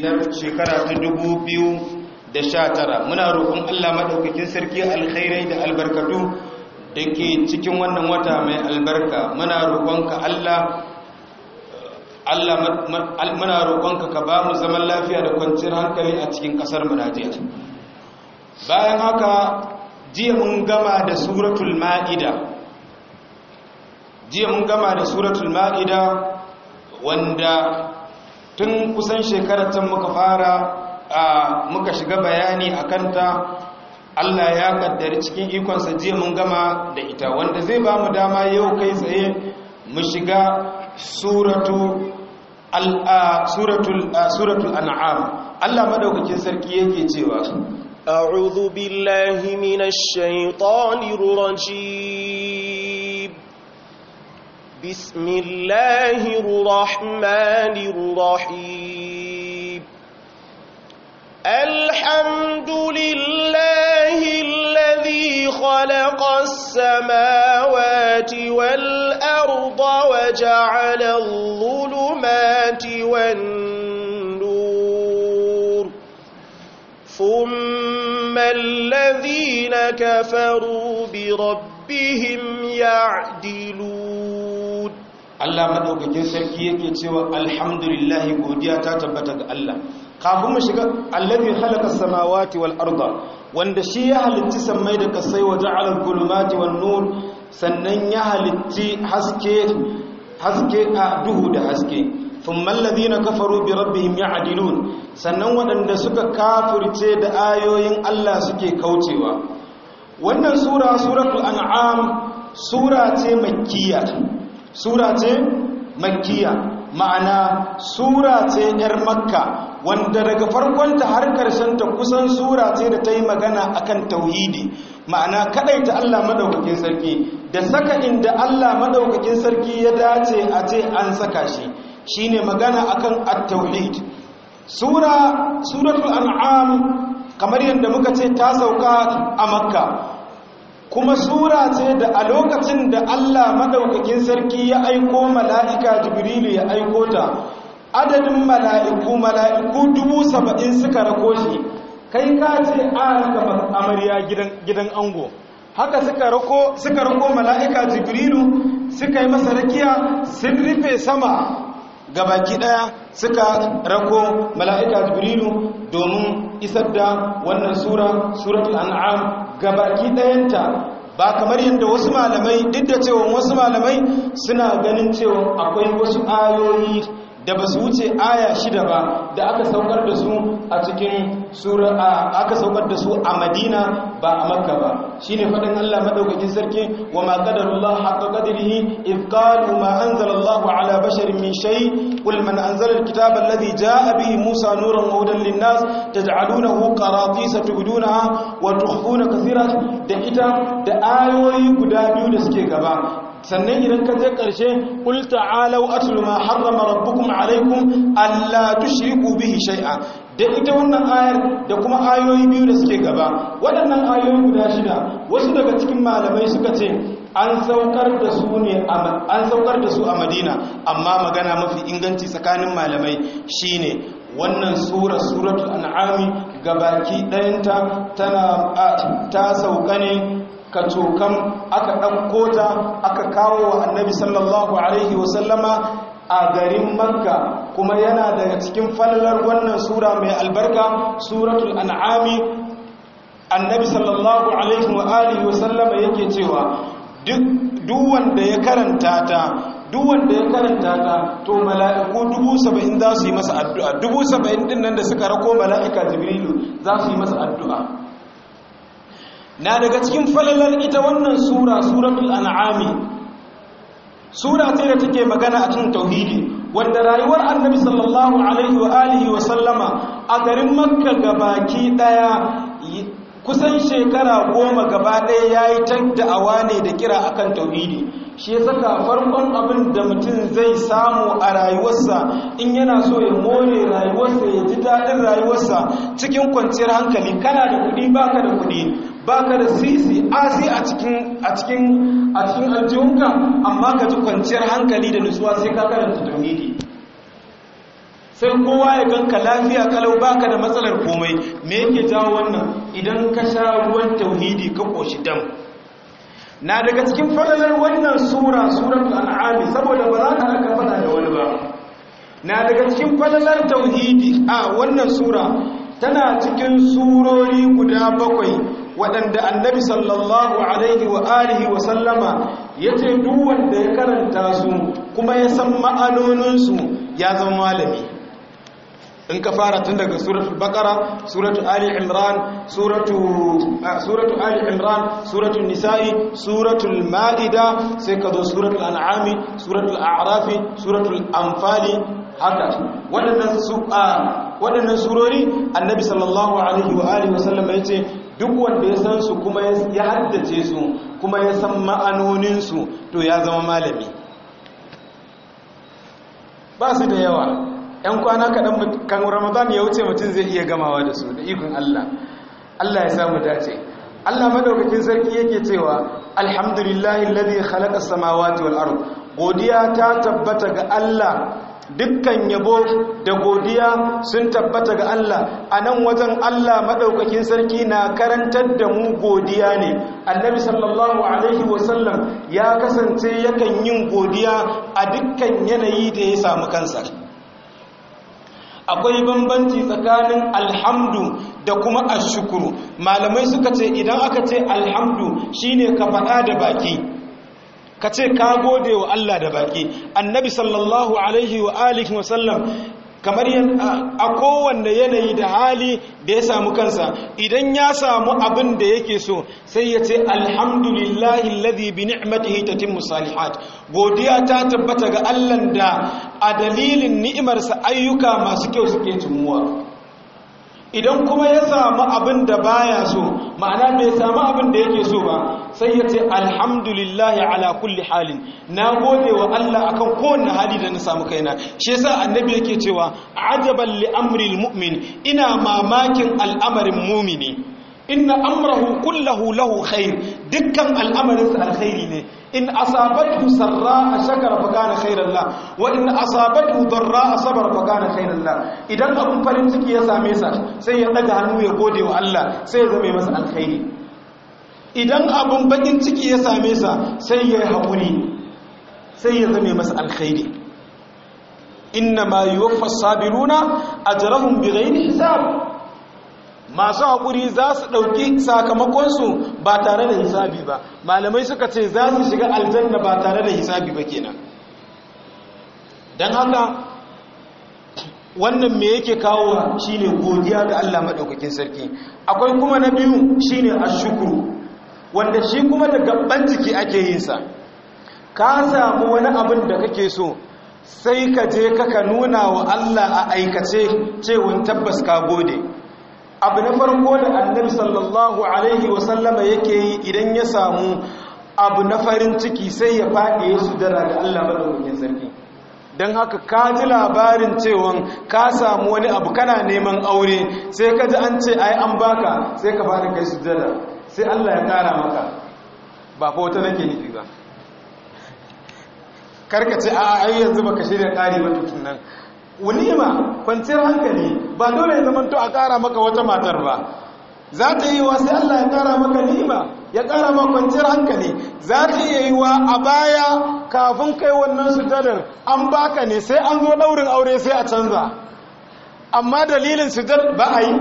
na shekara ta dubu biyu da sha tara muna roƙon allah maɗaukakin sarki alkhairai da albarkatu da ke cikin wannan wata mai albarka muna roƙonka allah muna roƙonka ka ba mu zaman lafiya da kwanciyar hankali a cikin ƙasar mu Bayan haka jiya mun gama da suratul Ma'ida. Jiya mun gama da suratul Ma'ida wanda tun kusan shekarar can muka fara a muka shiga bayani a kanta Allah ya kaddari cikin ikonsa jiya mun gama da ita wanda zai ba mu dama yau kai tsaye mu shiga suratul an'am Allah madaukakin sarki yake cewa a'udhu billahi minash shaitanir rajim بسم الله الرحمن الرحيم الحمد لله الذي خلق السماوات والأرض وجعل الظلمات والنور ثم الذين كفروا بربهم يعدلون Allah madaukakin sarki yake cewa alhamdulillah godiya ta tabbata ga Allah kafin mu shiga allazi khalaqa samawati wal arda wanda shi ya halitti sammai da kasai wa ja'ala al-zulumati wan nur sannan ya halitti haske haske a duhu da haske ثم kafaru bi rabbihim ya'dilun sannan waɗanda suka kafirce da ayoyin Allah suke kaucewa wannan sura suratul an'am sura ce makkiyya sura ce makiya. ma'ana sura ce yar makka wanda daga farkonta har karshen ta kusan sura ce da ta yi magana akan tauhidi ma'ana ta Allah maɗaukakin sarki da saka inda Allah maɗaukakin sarki ya dace a ce an saka shi shine magana akan at-tauhid sura suratul an'am kamar yadda muka ce ta sauka a makka kuma sura ce da a lokacin da Allah madaukakin sarki ya aiko mala'ika jibrilu ya aiko ta adadin mala'iku mala'iku dubu saba'in suka rako shi kai ka ce an amarya gidan ango haka suka rako mala'ika jibrilu suka yi masa rakiya sun rufe sama gabaki daya suka rako mala'ika jibrilu domin isar da wannan sura suratul an'am gabaki dayanta ba kamar yadda wasu malamai duk da cewa wasu malamai suna ganin cewa akwai wasu ayoyi da ba su wuce aya shida ba da aka saukar da su a cikin sura aka saukar da su a Madina ba a Makka ba Shi ne faɗin Allah madaukakin sarki wa ma ƙadar haqqo qadrihi id ma anzalallahu ala basharin min shayi قل من أنزل الكتاب الذي جاء به موسى نورا وهدى للناس تجعلونه قراطيس تبدونها وتخفون كثيرا da ita da ayoyi guda biyu da suke gaba sannan idan ka je ƙarshe qul ta'alu atlu ma harrama rabbukum alaykum alla tushriku bihi shay'a da ita wannan ayar da kuma ayoyi biyu da suke gaba waɗannan ayoyi guda shida wasu daga cikin malamai suka ce an saukar da su a madina amma magana mafi inganci tsakanin malamai shine wannan sura suratul an'ami gabaki ɗayanta tana ta sauka ne ka kacokan aka ɗauko ta aka kawo wa annabi sallallahu alaihi wasallama a garin makka kuma yana daga cikin falalar wannan sura mai albarka suratul an'ami annabi sallallahu alaihi wa alihi wasallama yake cewa duk wanda ya karanta ta duk wanda ya karanta ta to mala'iku dubu saba'in za su yi masa addu'a dubu saba'in din nan da suka rako mala'ika jibrilu za su yi masa addu'a na daga cikin falalar ita wannan sura suratul an'ami sura ce da take magana a cikin tauhidi wanda rayuwar annabi sallallahu alaihi wa alihi wa sallama a garin makka gabaki daya kusan shekara goma gaba ɗaya ya yi ta da'awa ne da kira akan tauhidi shi ya saka farkon abin da mutum zai samu a rayuwarsa in yana so ya more rayuwarsa ya ji daɗin rayuwarsa cikin kwanciyar hankali kana da kuɗi baka da kuɗi baka da sisi asi a cikin a cikin a cikin aljihunka amma ka ji kwanciyar hankali da nutsuwa sai ka karanta tauhidi sai kowa ya ganka lafiya kalau baka da matsalar komai me yake jawo wannan idan ka sha ruwan tauhidi ka koshi dam na daga cikin fadalar wannan sura suratul an'am saboda ba za ka aka fada da wani ba na daga cikin fadalar tauhidi a wannan sura tana cikin surori guda bakwai waɗanda annabi sallallahu alaihi wa alihi wa sallama ya ce duk wanda ya karanta su kuma ya san ma'anoninsu ya zama malami in ka fara tun daga suratul baqara suratul ali imran suratul ah, suratul ali imran suratul nisa'i suratul maida sai ka zo suratul an'ami suratul a'raf suratul anfal haka wadannan su ah, wadannan surori annabi sallallahu alaihi wa alihi wasallam yace duk wanda ya san su kuma ya haddace su kuma ya san ma'anonin su to ya zama malami ba su da yawa 'yan kwana kaɗan kan ramadan ya wuce mutum zai iya gamawa da su da ikon allah allah ya samu dace allah madaukakin sarki yake cewa alhamdulillahi ladhi khalaqa samawati wal ard godiya ta tabbata ga allah dukkan yabo da godiya sun tabbata ga allah a nan wajen allah madaukakin sarki na karantar da mu godiya ne annabi sallallahu alaihi wasallam ya kasance yakan yin godiya a dukkan yanayi da ya samu kansa akwai bambanci tsakanin alhamdu da kuma ashukuru malamai suka ce idan aka ce alhamdu shine ka faɗa da baki ka ce ka gode wa Allah da baki annabi sallallahu alaihi wa alihi wa sallam kamar a kowanne yanayi da hali da ya samu kansa idan ya samu abin da yake so sai ya ce alhamdulillahi alladhi bi ni'matihi timu salihat godiya ta tabbata ga Allah da a dalilin ni'imarsa ayyuka masu kyau suke tumuwa idan kuma ya samu abin da baya so ma'ana bai samu abin da yake so ba sai ya ce alhamdulillahi ala kulli halin na gode wa Allah akan kowanne hali da na samu kaina shi yasa annabi yake cewa ajaban li amril mu'min ina mamakin al'amarin mu'mini inna amrahu kullahu lahu khair dukkan al'amarinsa alkhairi ne in asabathu sarra shakara fa gane khairan la wa in asabathu darra sabara fa kana khairan la idan abun farin ciki ya same sa sai ya daga hannu ya gode wa Allah sai ya zama masa alkhairi idan abun bakin ciki ya same sa sai ya haƙuri sai ya zame masa alkhairi inna ma yuwaffa sabiruna ajrahum bighayri hisab masu haƙuri za su ɗauki sakamakonsu ba tare da hisabi ba malamai suka ce za su shiga aljanna ba tare da hisabi ba kenan don haka wannan me yake kawo shine godiya ga Allah maɗaukakin sarki akwai kuma na biyu a shukuru, wanda shi kuma da gaban jiki ake yin sa ka samu wani abin da kake so sai ka je kaka nuna wa Allah a aikace cewa tabbas ka gode abu na farko da annabi sallallahu alaihi wasallama yake yi idan ya samu abu na farin ciki sai ya faɗi ya sujada ga Allah madaukakin sarki don haka ka ji labarin cewon ka samu wani abu kana neman aure sai ka ji an ce ai an baka sai ka faɗi kai sudara sai Allah ya ƙara maka ba fa wata nake nufi ba karka ce a ai yanzu baka shirya ƙari ba nan. unima kwanciyar hankali ba dole ya zama a kara maka wata matar ba za ta yi wa sai Allah ya kara maka ni'ima ya ƙara maka kwanciyar hankali za ta iya yi wa a baya kafin kai wannan sujadar an baka ne sai an zo ɗaurin aure sai a canza amma dalilin sujadar ba a yi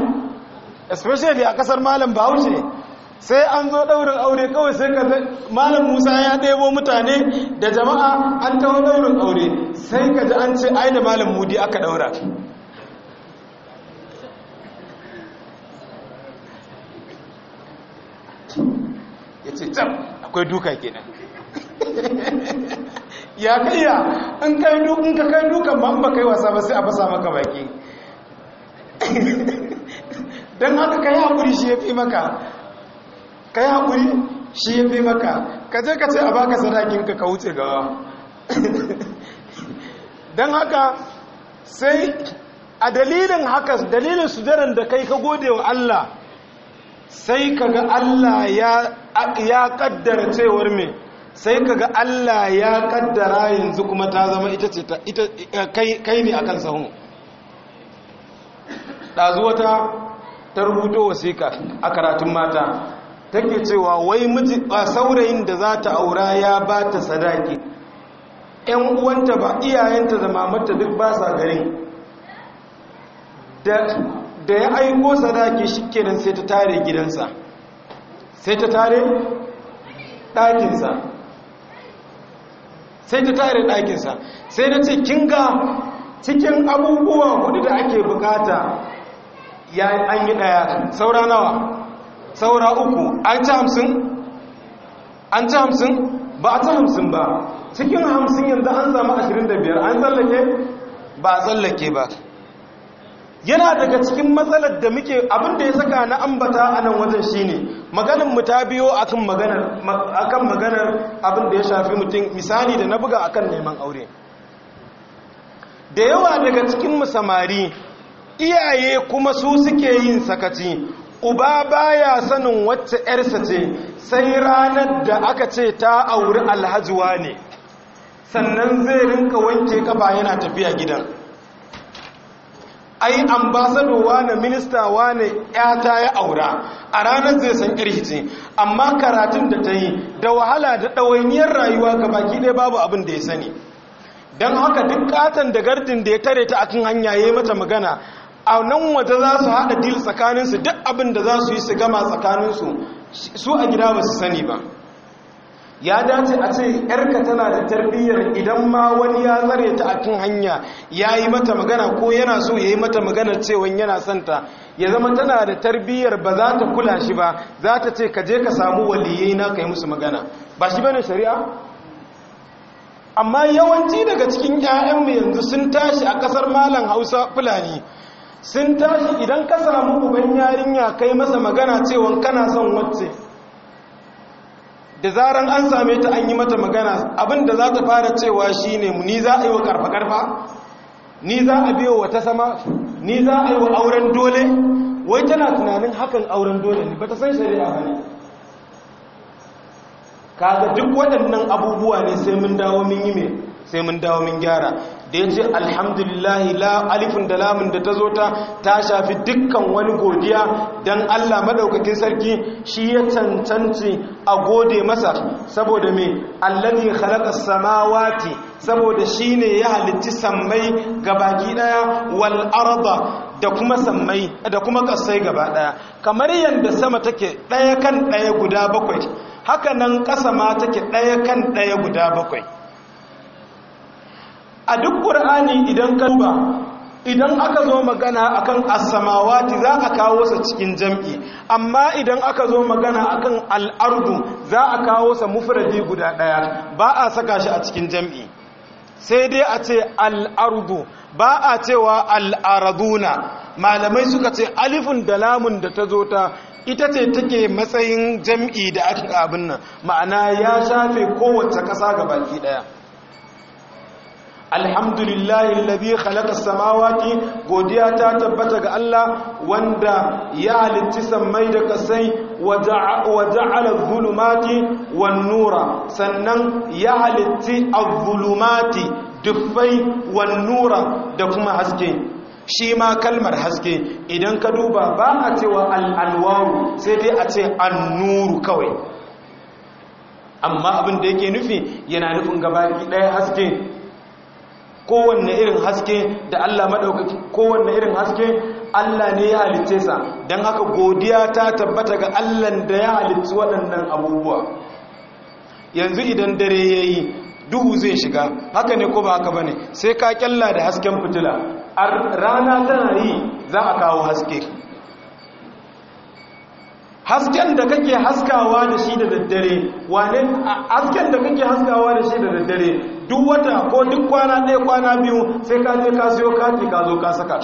especially a kasar malam bahaushe sai an zo ɗaurin aure kawai sai ka malam musa ya ɗebo mutane da jama'a an taho ɗaurin aure sai ka ji an ce ai da malam mudi aka ɗaura ya ce can akwai duka kenan ya kaiya in ka kai dukan ba ba kai wasa ba sai a fasa maka baki don haka kai haƙuri shi ya fi maka ka yi haƙuri shi ya fi maka ka je ka ce a baka sadakin ka ka wuce gawa don haka sai a dalilin haka dalilin sujaran da kai ka gode wa Allah sai ka ga Allah ya kaddara cewar me sai ka ga Allah ya kaddara yanzu kuma ta zama ita ce eh, kai ne akan sahun ɗazu wata ta rubuto wasiƙa a karatun mata take cewa wai miji ba saurayin da za ta aura ya ba ta sadaki ‘yan uwanta ba iyayenta da mamata duk ba sa garin da ya aiko sadaki shi kenan sai ta tare gidansa sai ta tare ɗakinsa sai ta tare ɗakinsa sai na ce kinga cikin abubuwa kudu da ake bukata ya an yi ɗaya saura nawa saura uku an ci hamsin an ci hamsin ba a ci hamsin ba cikin hamsin yanzu an zama ashirin da biyar an tsallake ba a tsallake ba yana daga cikin matsalar da muke abinda ya saka na ambata a nan wajen shine maganin mu ta biyo akan maganar akan maganar abinda ya shafi mutum misali da na buga akan neman aure da yawa daga cikin mu samari iyaye kuma su suke yin sakaci uba baya sanin wacce ƴarsa ce sai ranar da aka ce ta auri alhajiwa ne sannan zai rinka wanke kafa yana tafiya gidan ai ambasadowa na wa ne ta ya aura a ranar zai san irhici amma karatun da ta yi da wahala da ɗawainiyar rayuwa ga baki ɗaya babu abin da ya sani don haka duk katon da gardin da ya tare ta akan hanya ya yi mata magana a nan waje za su haɗa dil tsakaninsu duk abin da za su yi su gama tsakaninsu su a gida ba su sani ba ya dace a ce yarka tana da tarbiyyar idan ma wani ya zare ta a kan hanya ya yi mata magana ko yana so ya yi mata magana cewa yana santa ya zama tana da tarbiyyar ba za ta kula shi ba za ta ce ka je ka samu waliyyai na ka yi musu magana ba shi bane shari'a amma yawanci daga cikin 'ya'yanmu yanzu sun tashi a ƙasar malam hausa fulani sun tashi idan ka samu uban yarinya kai masa magana cewa kana son wacce da zaren an same ta an yi mata magana abinda za ta fara cewa shine ni za a yi wa karfa-karfa ni za a biyo wata sama ni za a yi wa auren dole wai tana tunanin hakan auren dole ne ba ta san shari'a ba ne kaga duk waɗannan abubuwa ne sai mun dawo mun yi mai sai mun dawo mun gyara da ya ce alhamdulillahi la alifin da lamun da ta zo ta ta shafi dukkan wani godiya don allah maɗaukakin sarki shi ya cancanci a gode masa saboda mai allani halatta samawati saboda shi ne ya halitti sammai gabaki ɗaya wal da kuma sammai da kuma kasai gaba daya kamar yadda sama take daya kan daya guda bakwai haka nan kasa ma take daya kan daya guda bakwai a duk ƙur'ani idan ka duba idan aka zo magana akan asamawati za a kawo sa cikin jam'i amma idan aka zo magana akan al'ardu za a kawo sa mufradi guda ɗaya, ba a saka shi a cikin jam'i sai dai a ce al'ardu ba a cewa al'araduna malamai suka ce alifin da lamun da ta zo ta ita ce take matsayin jam'i da aka abin nan ma'ana ya shafe kowace ƙasa ga baki ɗaya. alhamdulillahi alladhi khalaqa samawati godiya ta tabbata ga Allah wanda ya halitti sammai da kasai wa ja'ala dhulumati wan nura sannan ya halitti adh-dhulumati duffai wan nura da kuma haske shi ma kalmar haske idan ka duba ba a cewa al'alwaru sai dai a ce an annuru kawai amma abin da yake nufi yana nufin gabaki ɗaya haske kowanne irin haske da Allah madaukaki kowanne irin haske Allah ne ya halicce sa dan haka godiya ta tabbata ga Allah da ya halicci waɗannan abubuwa yanzu idan dare yayi duhu zai shiga haka ne ko ba haka bane sai ka kyalla da hasken fitila rana tana yi za a kawo haske hasken da kake haskawa da shi da daddare wane hasken da kake haskawa da shi da daddare duk wata ko duk kwana ɗaya kwana biyu sai ka je ka siyo kati ka zo ka saka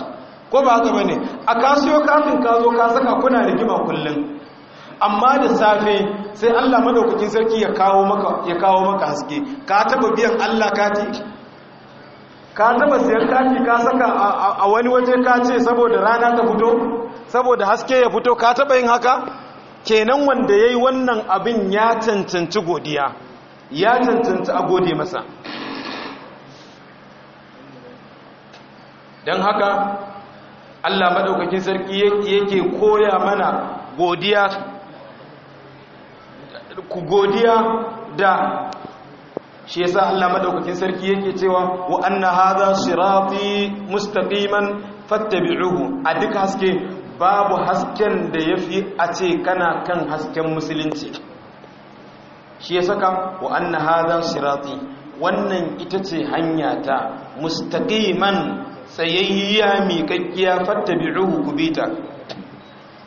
ko ba haka bane a ka siyo katin ka zo ka saka kuna rigima kullum amma da safe sai Allah madaukakin sarki ya kawo maka ya kawo maka haske ka taba biyan Allah kati ka taba siyan kati ka saka a wani waje ka ce saboda rana ta fito saboda haske ya fito ka taba yin haka kenan wanda ya yi wannan abin ya cancanci godiya ya cancanci a gode masa don haka allah maɗaukakin sarki yake koya mana godiya ku godiya da shi yasa allah maɗaukakin sarki yake cewa wa anna hadha mustaqiman fattabi'uhu a duk haske babu hasken da ya fi a ce kana kan hasken musulunci shi ya saka wa anna hadan sirati wannan ita ce hanya ta mustaqiman tsayayya miƙaƙƙiya fattabi'uhu ku bi ta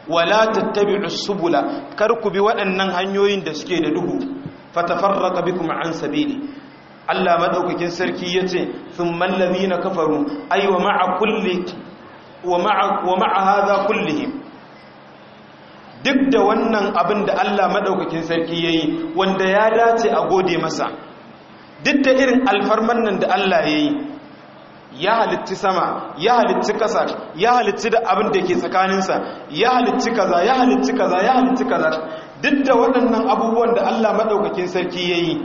wala tattabi'u subula kar ku bi waɗannan hanyoyin da suke da duhu fatafarraqa bikum an sabili Allah madaukakin sarki yace thumma allazina kafaru aywa ma'a kulli wa ma'a kulle kullihim duk da wannan abin da Allah madaukakin sarki yayi wanda ya dace a gode masa duk da irin alfarman nan da Allah yayi ya halitti sama ya halitti kasa ya halitti da abin da ke tsakaninsa ya halitti kaza ya halitti kaza ya halitti kaza duk da waɗannan abubuwan da Allah maɗaukakin sarki yayi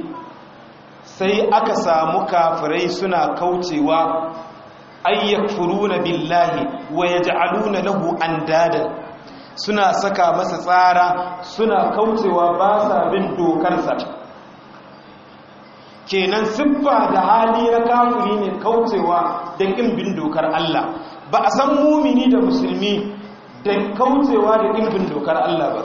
sai aka samu kafirai suna kaucewa furu na billahi wa yaj'aluna lahu dada, suna saka masa tsara suna kaucewa ba sa bin dokarsa kenan siffa da hali ya kafiri ne kaucewa da kin bin dokar Allah ba a san mumini da musulmi da kaucewa da kin bin dokar Allah ba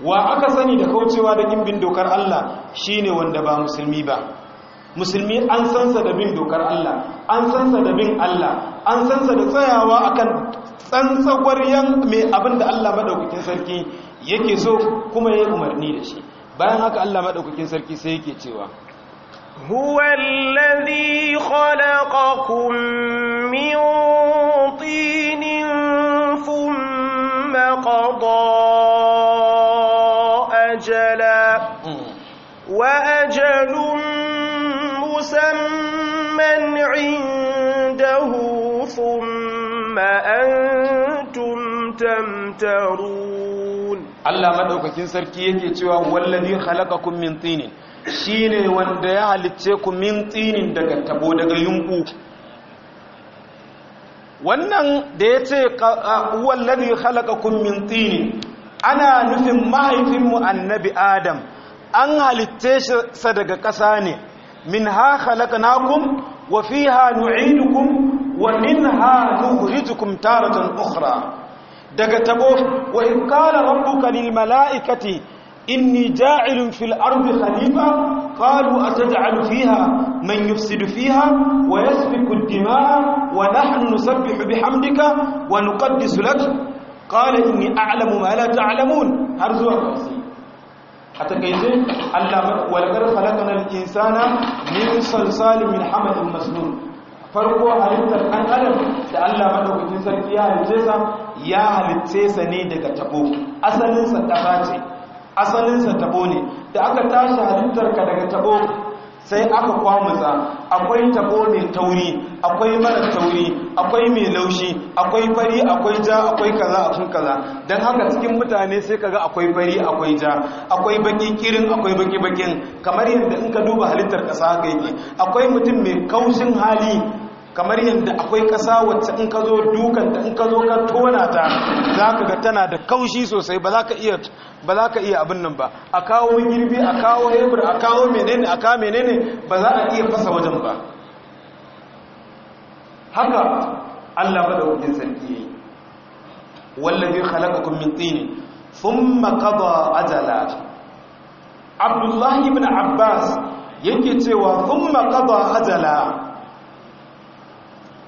wa aka sani da kaucewa da bin dokar Allah shine wanda ba musulmi ba musulmi an sansa da bin dokar Allah an sansa da bin Allah an sansa da tsayawa akan tsantsagwaryan mai abin da Allah madaukakin sarki yake so kuma ya umarni da shi bayan haka Allah madaukakin sarki sai yake cewa huwa allazi khalaqakum min tinin thumma qada ajala wa ajalun مسمى عنده ثم أنتم تمترون الله مدوكاكين سركي yake cewa والذي خلقكم من طين شيني wanda ya halicce ku min tinin daga tabo daga wannan da ya ce wallazi khalaqakum min tinin ana nufin mahaifinmu annabi adam an halitta shi daga ƙasa ne منها خلقناكم وفيها نعيدكم ومنها نخرجكم تارة أخرى دقة تقول وإن قال ربك للملائكة إني جاعل في الأرض خليفة قالوا أتجعل فيها من يفسد فيها ويسفك الدماء ونحن نسبح بحمدك ونقدس لك قال إني أعلم ما لا تعلمون هرزوا الرسيل a takaice Allah walgar halakanar insana min salsalin min hamadin masnun farko halittar ɗan adam da Allah maɗaukakin sarki ya halice sa ya halice sa ne daga tabo asalinsa ƙasa ce asalinsa tabo ne da aka tashi halittarka daga tabo sai aka kwamutsa akwai tabo mai tauri akwai mara tauri akwai mai laushi akwai fari akwai ja akwai kaza a sun kaza don haka cikin mutane sai kaga akwai fari akwai ja akwai baki kirin akwai baki bakin kamar yadda in ka duba halittar kasa haka yake akwai mutum mai kaushin hali kamar yadda akwai ƙasa wacce in ka zo dukanta in ka zo ka tona ta za ka ga tana da kaushi sosai ba za ka iya ba za ka iya abin nan ba a kawo girbi a kawo hebur a kawo menene a kawo menene ba za a iya fasa wajen ba haka allah ba da wajen sarki yi wallafi halakakun min tsini sun makaba ajala abdullahi ibn abbas yake cewa sun makaba ajala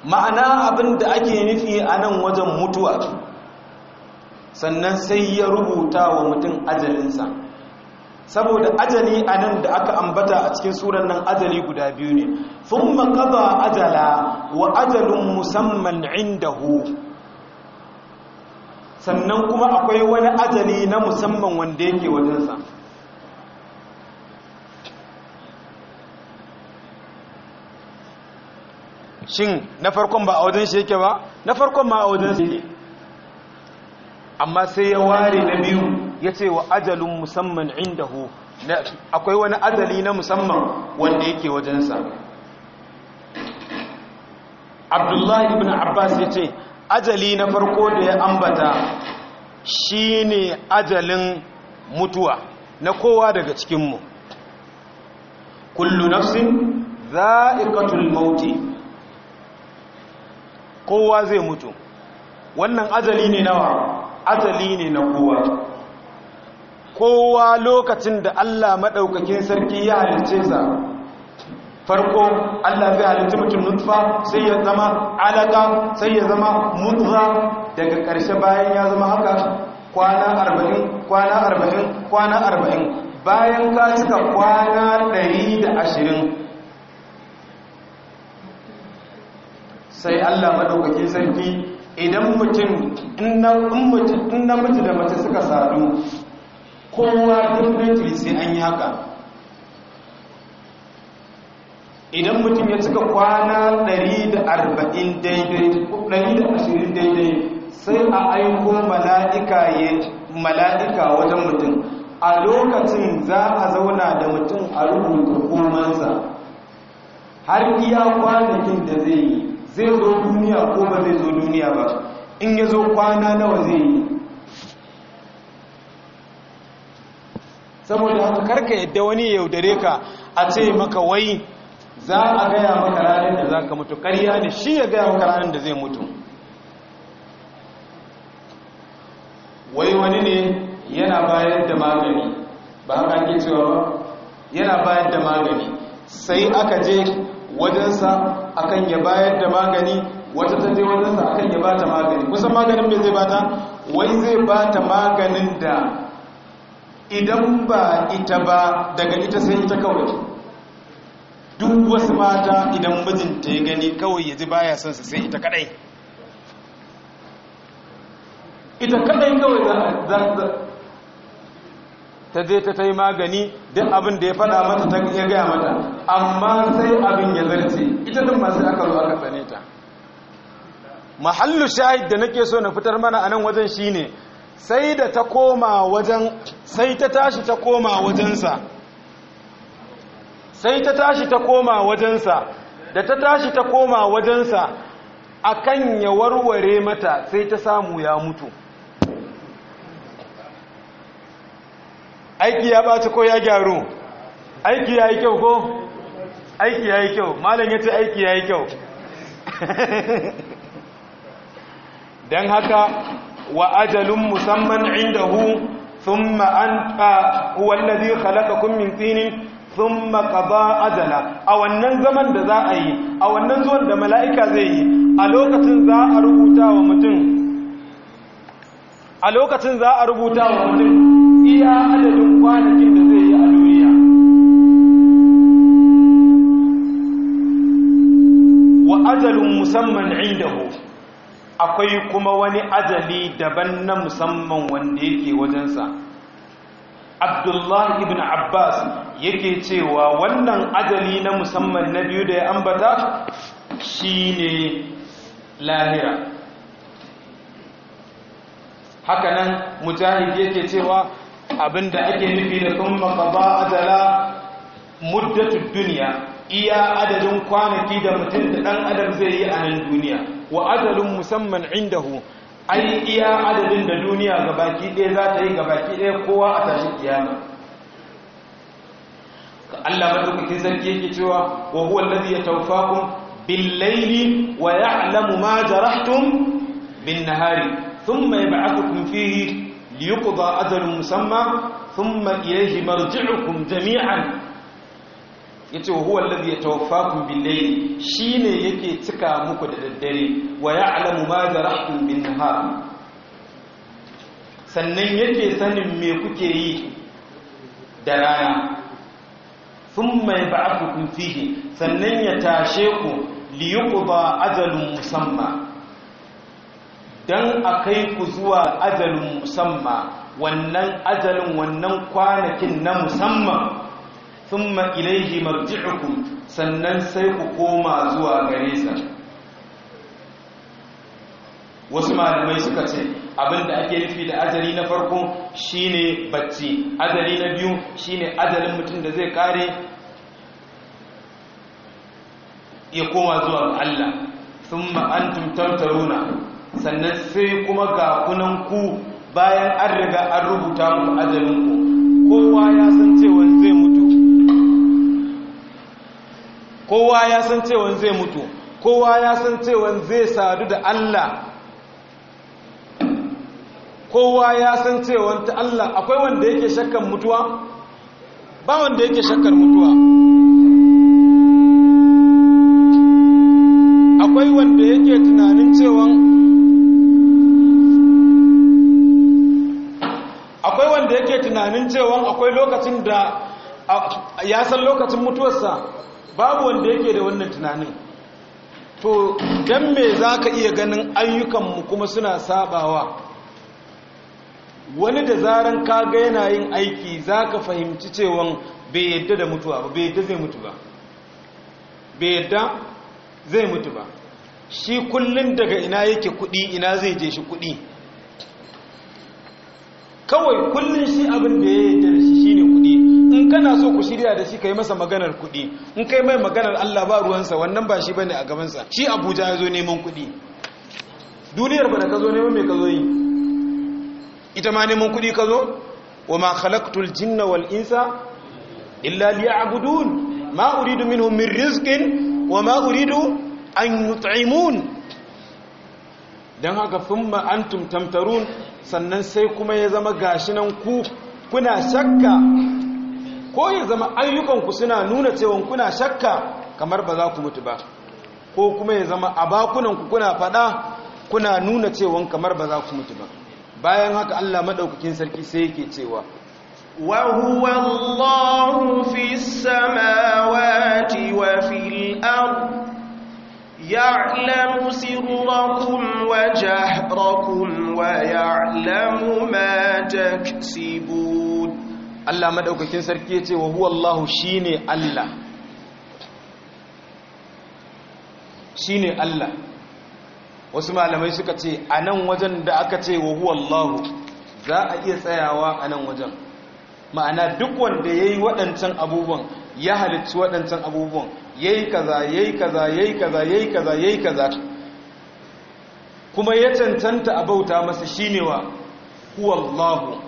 ma'ana abin da ake nufi a nan wajen mutuwa sannan sai ya rubuta wa mutum ajalinsa saboda ajali a nan da aka ambata a cikin suran nan ajali guda biyu ne sun makaba ajala wa ajalin musamman indahu sannan kuma akwai wani ajali na musamman wanda yake wajensa shin na farkon ba a wajen shi yake ba na farkon ma a wajen shi amma sai ya ware na biyu ya ce wa ajalin musamman inda hu akwai wani ajali na musamman wanda yake wajensa abdullahi ibn abbas ya ce ajali na farko da ya ambata shi ne ajalin mutuwa na kowa daga cikinmu kullu nafsin za'iqatul mauti kowa zai mutu wannan ajali ne nawa ajali ne na kowa kowa lokacin da Allah maɗaukakin sarki ya halice sa farko Allah zai halice mutum nutfa sai ya zama alaka sai ya zama mudgha daga ƙarshe bayan ya zama haka kwana arba'in kwana arba'in kwana arba'in bayan ka cika kwana ɗari da ashirin sai Allah maɗaukaki sarki idan mutum in namiji da mace suka sadu kowa definitely sai an yi haka idan mutum ya cika kwana 140 daidai daidai sai a aiko mala'ika ya mala'ika wajen mutum a lokacin za a zauna da mutum a rubuta komansa har iya kwanakin da zai yi zai zo duniya ko ba zai zo duniya ba in ya zo kwana nawa zai yi saboda haka karka yadda wani yaudare ka a ce maka wai za a gaya maka ranar da za ka mutu karya ne shi ya gaya maka ranar da zai mutu wai wani ne yana bayar da magani ba haka ake cewa ba yana bayar da magani sai aka je wajensa akan ya bayar da magani wata ta je wajensa akan ya bata magani kusan maganin mai zai bata wai zai bata maganin da idan ba ita ba daga ita sai ita kawai duk wasu mata idan mijinta ya gani kawai ya ji baya sansa sai ita kadai ita kadai kawai ta je ta ta yi magani duk abin da ya fada mata ta ya gaya mata amma sai abin ya zarce ita duk masu aka zo aka tsane ta mahallu shahid da nake so na fitar mana a nan wajen shi ne, sai da ta koma wajen sai ta tashi ta koma wajensa sai ta tashi ta koma wajensa da ta tashi ta koma wajensa kan ya warware mata sai ta samu ya mutu aiki ya ɓata ko ya gyaru aiki ya yi kyau ko aiki ya yi kyau malam ya ce aiki ya yi kyau don haka wa ajalun musamman inda hu ثم أنت هو halaka خلقكم من sun ثم قضى أجلا a wannan zaman da za a yi a wannan zuwan da mala'ika zai yi a lokacin za a rubuta wa mutum a lokacin za a rubuta wa mutum iya adadin kwanakin da zai yi a duniya wa ajalin musamman indahu akwai kuma wani ajali daban na musamman wanda yake wajensa abdullahi ibn abbas yake cewa wannan ajali na musamman na biyu da ya ambata shine lahira hakanan mujahid yake cewa abinda ake nufi da thumma qada ajala muddatud duniya, iya adadin kwanaki da mutum da ɗan adam zai yi a nan duniya wa adalin musamman indahu ai iya adadin da duniya ga baki ɗaya za ta yi gabaki ɗaya kowa a tashi kiyama ka Allah madaukakin sarki yake cewa wa huwa allazi yatawaffakum bil layli wa ya'lamu ma jarahtum bin nahari thumma yab'athukum fihi liyuqda ajalun musamma thumma ilayhi marji'ukum jami'an yace huwa alladhi yatawaffakum bil-layl shine yake cika muku da daddare wa Alamu ma jarahtum bin-nahar sannan yake sanin me kuke yi da rana thumma yab'athukum fihi sannan ya tashe ku liyuqda ajalun musamma don a kai ku zuwa ajalin musamma wannan ajalin wannan kwanakin na musamman thumma ilaihi marji'ukum sannan sai ku koma zuwa gare sa wasu malamai suka ce abinda ake nufi da ajali na farko shine bacci ajali na biyu shine ajalin mutum da zai kare ya koma zuwa Allah thumma antum tantaruna sannan sai kuma ga kunan ku bayan an riga an rubuta muku ajalin ku kowa ya san cewa zai mutu kowa ya san cewa zai mutu kowa ya san cewa zai sadu da Allah kowa ya san cewa ta Allah akwai wanda yake shakkan mutuwa ba wanda yake shakkar mutuwa akwai wanda yake tunanin cewa tunanin cewa akwai lokacin da ya san lokacin mutuwarsa babu wanda yake da wannan tunanin to don me za ka iya ganin ayyukanmu kuma suna sabawa wani da zaran ka ga yana yin aiki za ka fahimci cewa bai yadda da mutuwa ba bai yadda zai mutu ba bai yadda zai mutu ba shi kullum daga ina yake kudi ina zai je shi kudi kawai kullum shi abin da ya yi da shi shine kuɗi in kana so ku shirya da shi ka yi masa maganar kuɗi in kai mai maganar Allah ba ruwansa wannan ba shi ne a gabansa shi Abuja ya zo neman kuɗi duniyar ba da ka zo neman mai ka zo yi ita ma neman kuɗi ka zo wa ma khalaqtul jinna wal insa illa liya'budun ma uridu minhum min rizqin wa ma uridu an yut'imun dan haka thumma antum tamtarun sannan sai kuma ya zama gashi nan ku kuna shakka ko ya zama ayyukanku suna nuna cewa kuna shakka kamar ba za ku mutu ba ko kuma ya zama a bakunanku kuna faɗa kuna nuna cewa kamar ba za ku mutu ba bayan haka Allah maɗaukakin sarki sai yake cewa Allahu الله samawati wa fil ardh يعلم سركم وجهركم ويعلم ما تكسبون الله مدaukakin sarki yace wa huwa Allah shine Allah shine Allah wasu malamai suka ce a nan wajen da aka ce wa huwa Allah za a iya tsayawa a nan wajen ma'ana duk wanda ya yi waɗancan abubuwan ya halittu waɗancan abubuwan yayi kaza yayi kaza yayi kaza yayi kaza yayi kaza kuma ya cancanta a bauta masa shine wa huwallahu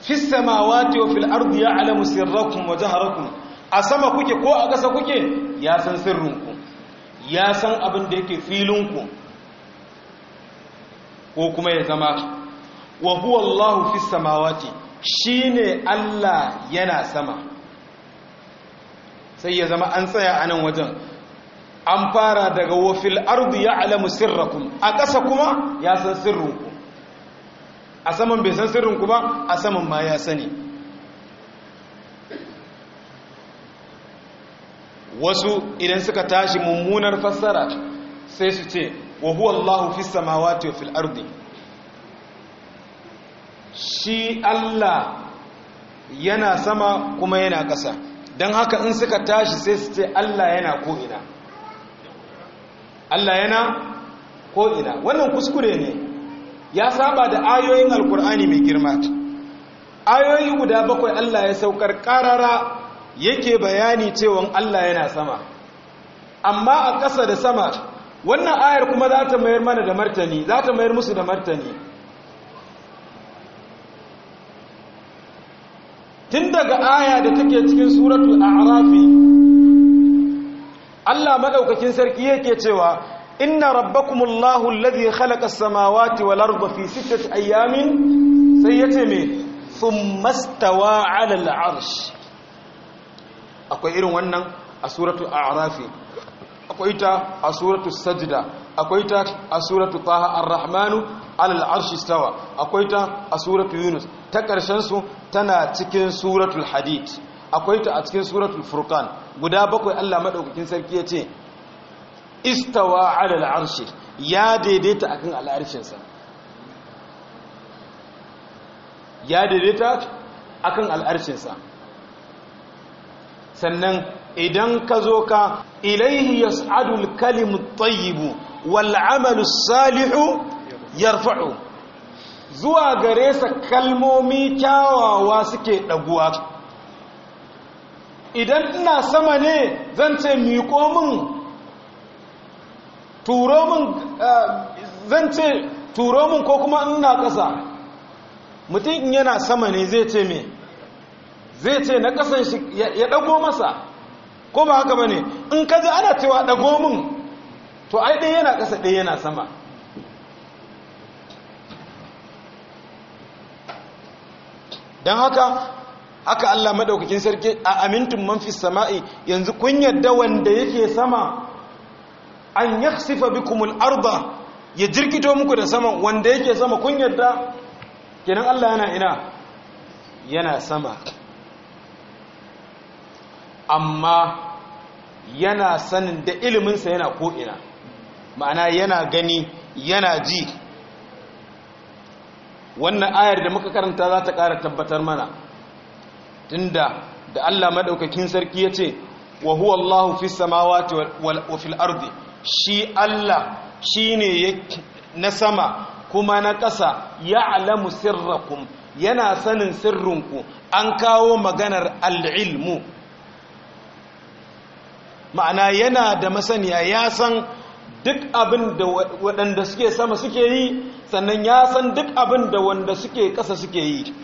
fi samawati wa fil ardi ya'lamu sirrakum wa jaharakum a sama kuke ko a ƙasa kuke ya san sirrinku ya san abin da yake filinku ko kuma ya zama wa huwallahu fi samawati Shi ne Allah yana sama sai ya zama an tsaya a nan wajen an fara daga wafil ardu ya alamu sirrakun a ƙasa kuma ya san sirrinku a saman bai san sirrinku ba a saman ma ya sani wasu idan suka tashi mummunar fassara sai su ce wa huwa Allahu fi samawati wa fil ardi shi Allah yana sama kuma yana ƙasa don haka in suka tashi sai su ce Allah yana ina. Allah yana ko'ina wannan kuskure ne ya saba da ayoyin alkur'ani mai girma ayoyi guda bakwai Allah ya saukar ƙarara yake bayani cewa Allah yana sama amma a ƙasa da sama wannan ayar kuma za ta mayar mana da martani za ta mayar musu da martani tun daga aya da take cikin suratul a'rafi Allah madaukakin sarki yake cewa inna rabbakumullahu alladhi khalaqa as-samawati wal arda fi sittati ayamin sai yace me thumma stawa 'ala al-'arsh akwai irin wannan a suratul a'rafi akwai ta a suratul sajda akwai ta a suratul taha ar-rahmanu alal arshi stawa akwai ta a suratul yunus ta ƙarshen su tana cikin suratul hadid akwai ta a cikin suratul furqan guda bakwai Allah madaukakin sarki yace istawa alal arshi ya daidaita akan sa ya daidaita akan sa sannan idan ka zo ka ilaihi yas'adul kalimut tayyib wal amalus salihu yarfa'u zuwa gare sa kalmomi kyawawa suke ɗaguwa idan ina sama ne zan ce miƙo min turo min eh, zan ce turo min ko kuma ina ƙasa mutum in yana sama ne zai ce me zai ce na ƙasan shi ya ɗago masa ko ba haka ba ne in ka ji ana cewa ɗago min to ai ɗaya yana ƙasa ɗaya yana sama don haka haka Allah maɗaukakin sarki a amintun man sama'i yanzu kun yadda wanda yake sama an sifa bi kumul arba ya jirkito muku da sama wanda yake sama kun yadda kenan Allah yana ina yana sama amma yana sanin da iliminsa yana ko'ina ma'ana yana gani yana ji wannan ayar da muka karanta za ta ƙara tabbatar mana tunda da Allah madaukakin sarki ya ce wa huwa Allahu fis wa fil ardi shi Allah ne na sama kuma na ƙasa alamu sirrakum yana sanin sirrinku an kawo maganar al'ilmu ma'ana yana da masaniya ya san duk abin da waɗanda suke sama suke yi sannan ya san duk abin da wanda suke ƙasa suke yi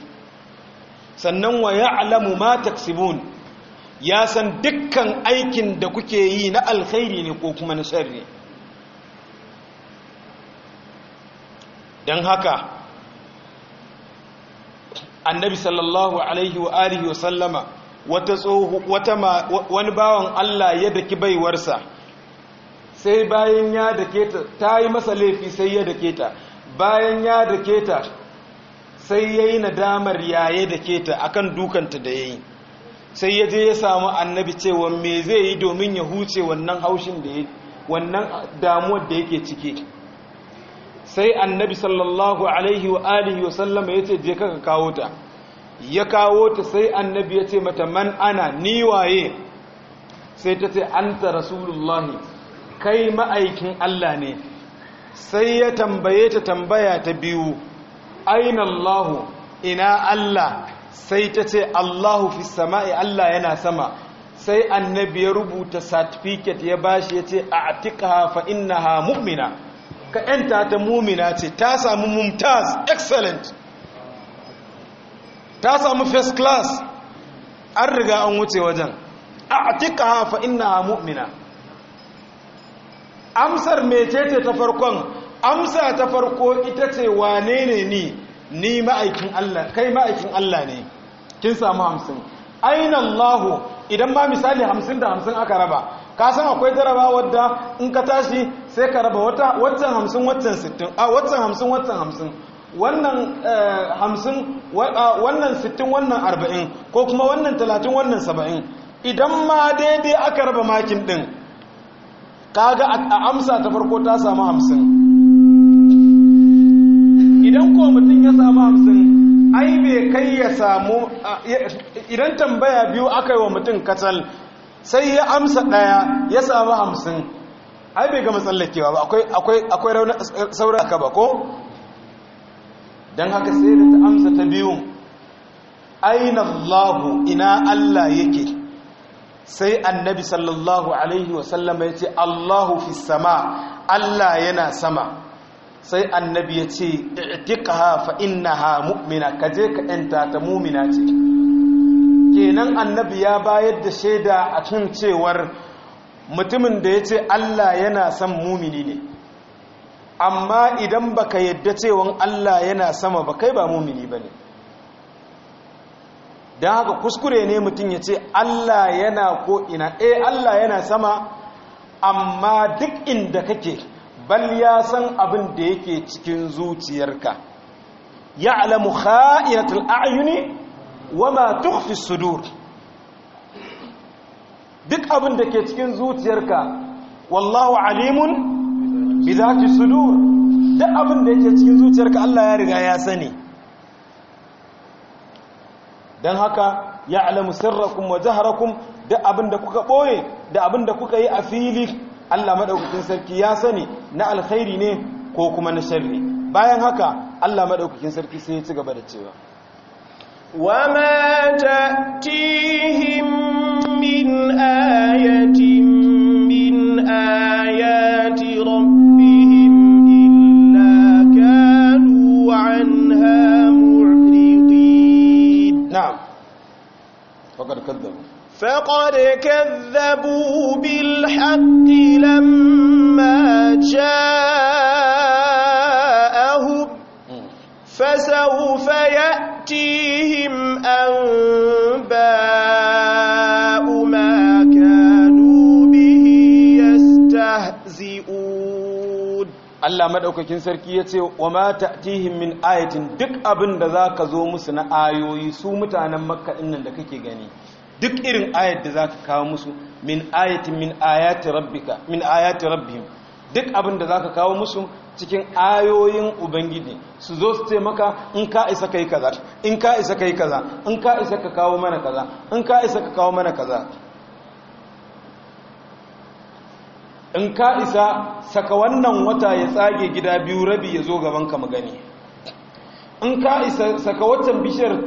sannan wa ya alamu ma taksibun ya san dukkan aikin da kuke yi na alkhairi ne ko kuma na ne? don haka annabi sallallahu alaihi wa alihi wa sallama wata tsohu wani bawan Allah ya daki baiwarsa sai bayan ya dake ta ta yi masa laifi sai ya dake ta bayan ya dake ta sai ya yi nadamar yaye dake ta akan dukanta da ya yi sai ya je ya samu annabi cewa me zai yi domin ya huce wannan haushin da ya wannan damuwar da yake ciki sai annabi sallallahu alaihi wa alihi wa sallama ya ce je ka kawo ta ya kawo ta sai annabi ya ce mata man ana ni waye sai ta ce anta rasulullahi kai ma'aikin Allah ne sai ya tambaye ta tambaya ta biyu aina Allahu ina Allah sai ta ce Allahu fi sama'i Allah yana sama sai annabi ya rubuta certificate ya bashi ya ce a'tiqha fa innaha mu'mina ka yanta ta mu'mina ce ta samu mumtaz excellent ta samu first class an riga an wuce wajen a'tiqha fa innaha mu'mina amsar mecece ta farkon amsa ta farko ita ce wane ne ni ni ma'aikin Allah kai ma'aikin Allah ne kin samu hamsin aina Allah idan ma misali hamsin da hamsin aka raba ka san akwai daraba wadda in ka tashi sai ka raba wata waccan hamsin waccan sittin a waccan hamsin waccan hamsin wannan eh, hamsin wannan sittin wannan arba'in ko kuma wannan talatin wannan saba'in idan ma daidai aka raba makin ɗin kaga a amsa ta farko ta samu hamsin idan ko mutum ya samu hamsin ai bai kai ya samu idan tambaya biyu aka yi wa mutum katsal sai ya amsa ɗaya ya samu hamsin ai bai ga matsallakewa ba akwai raunar saura ka ba ko don haka sai da ta amsa ta biyu, aina allahu ina allah yake sai annabi sallallahu alaihi wasallama ya ce allahu fi sama allah yana sama sai annabi ya ce hafa ina ha mu'mina kaje ka yanta ta mu'mina ce kenan annabi ya bayar da shaida a cin cewar mutumin da ya ce allah yana san mumini ne amma idan baka yadda cewan allah yana sama ba kai ba mumini ba ne don haka kuskure ne mutum ya ce Allah yana ko ina e Allah yana sama amma duk inda kake bal ya san abin da yake cikin zuciyarka ya alamu kha'inatul a'yuni wama tukhfi sudur duk abin da ke cikin zuciyarka wallahu alimun bi zati sudur duk abin da yake cikin zuciyarka Allah ya riga ya sani don haka ya alamu sirrakum wa jaharakum da abin da kuka ɓoye da abin da kuka yi a fili Allah maɗaukakin sarki ya sani na alkhairi ne ko kuma na sharri bayan haka Allah maɗaukakin sarki sai ya ci gaba da cewa ta tihim min فقد كذبوا بالحق لما جاءهم فسوف يأتيهم أنباء ما كانوا به يستهزئون الله مدعوكين سركي يتي وما تأتيهم من آية دك أبن ذاك زومس آيوي سومتانا مكة إنن دكك غني duk irin ayat da za ka kawo musu min ayatin min ayati rabbika min ayati rabbihim duk abin da za ka kawo musu cikin ayoyin ubangiji su zo su ce maka in ka isa kai kaza in ka isa kai kaza in ka isa ka kawo mana kaza in ka isa ka kawo mana kaza in ka isa saka wannan wata ya tsage gida biyu rabi ya zo gaban ka magani in ka isa saka watan bishiyar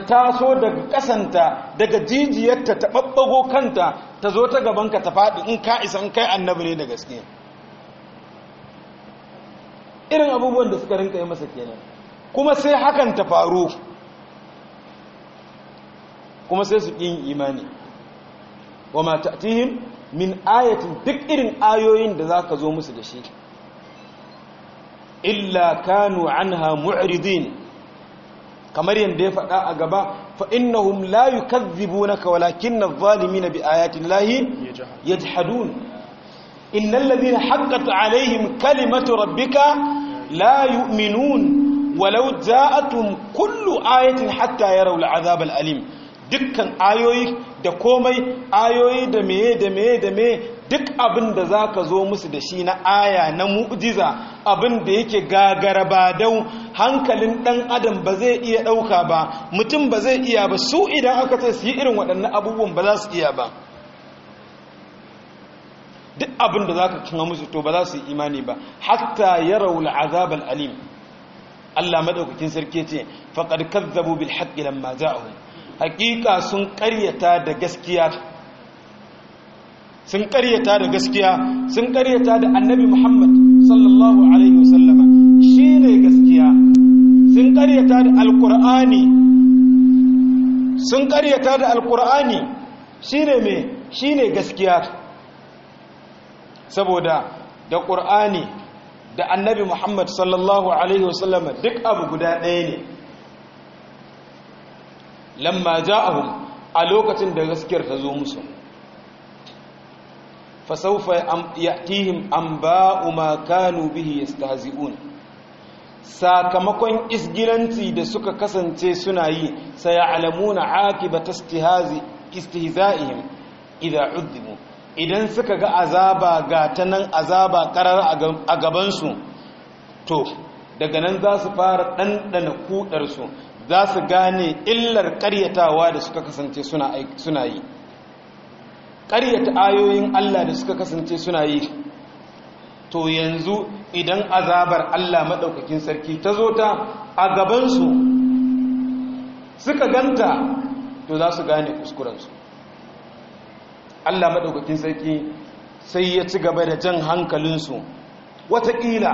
ta taso daga kasanta daga jijiyarta ta babbago kanta ta zo ta gabanka ta faɗi in ka isa in kai annabi ne da gaske irin abubuwan da suka rinka yi masa kenan kuma sai hakan ta faru kuma sai su ƙin imani wa ma ta'tihim min ayatin duk irin ayoyin da zaka zo musu da shi illa kanu anha mu'ridin kamar yadda ya faɗa a gaba fa innahum la yukadhibunaka walakinna adh-dhalimina bi ayati llahi yajhadun innal ladhina haqqat alaihim kalimatu rabbika la yu'minun walau ja'atuhum kullu ayatin hatta yaraw al'adhab alim. dukkan ayoyi da komai ayoyi da meye da meye da meye duk abin da za ka zo musu da shi na aya na mu'jiza abin da yake dau hankalin ɗan adam ba zai iya ɗauka ba mutum ba zai iya ba su idan aka ce su yi irin waɗannan abubuwan ba za su iya ba duk abin da za ka tuna musu to ba za su yi imani ba hatta ya raula azabal alim Allah maɗaukakin sarki ce faƙar kazzabu bil haƙƙi lamma haƙiƙa sun ƙaryata da gaskiya sun karyata da gaskiya sun karyata da annabi muhammad sallallahu alaihi wasallama shi ne gaskiya sun karyata da alkur'ani sun karyata da alkur'ani shi ne mai shi ne gaskiya saboda da ƙur'ani da annabi muhammad sallallahu alaihi wasallama duk abu guda ɗaya ne lamma ja'ahum a lokacin da gaskiyar ta zo musu fasaufa an anba'u ma kanu bihi yastahzi'un sakamakon isgilanci da suka kasance suna yi sayalamuna akibata istihazi istihza'ihim idza uzimu idan suka ga azaba ga ta nan azaba karar a gabansu to daga nan za su fara ɗanɗana kuɗarsu za su gane illar karyatawa da suka kasance suna yi ƙaryata ayoyin Allah da suka kasance suna yi to yanzu idan azabar Allah maɗaukakin sarki ta zo ta a gabansu suka ganta to za su gane kuskurensu Allah maɗaukakin sarki sai ya ci gaba da jan hankalinsu wataƙila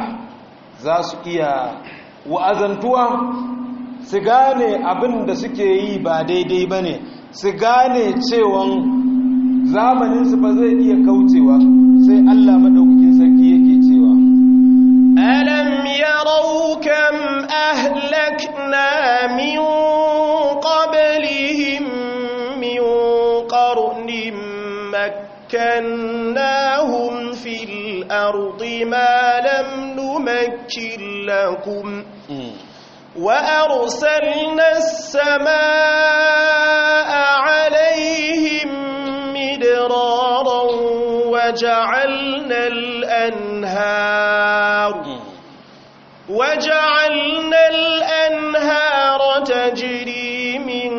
za su iya wa'azantuwa su gane abin da suke yi ba daidai ba ne su gane cewan zamanin su ba zai iya kaucewa sai Allah madaukakin sarki yake cewa alam yarau kam ahlakna min qablihim min qarnin makkannahum fil ardi ma lam numakkil lakum وأرسلنا السماء عليهم وجعلنا الأنهار وجعلنا الأنهار تجري من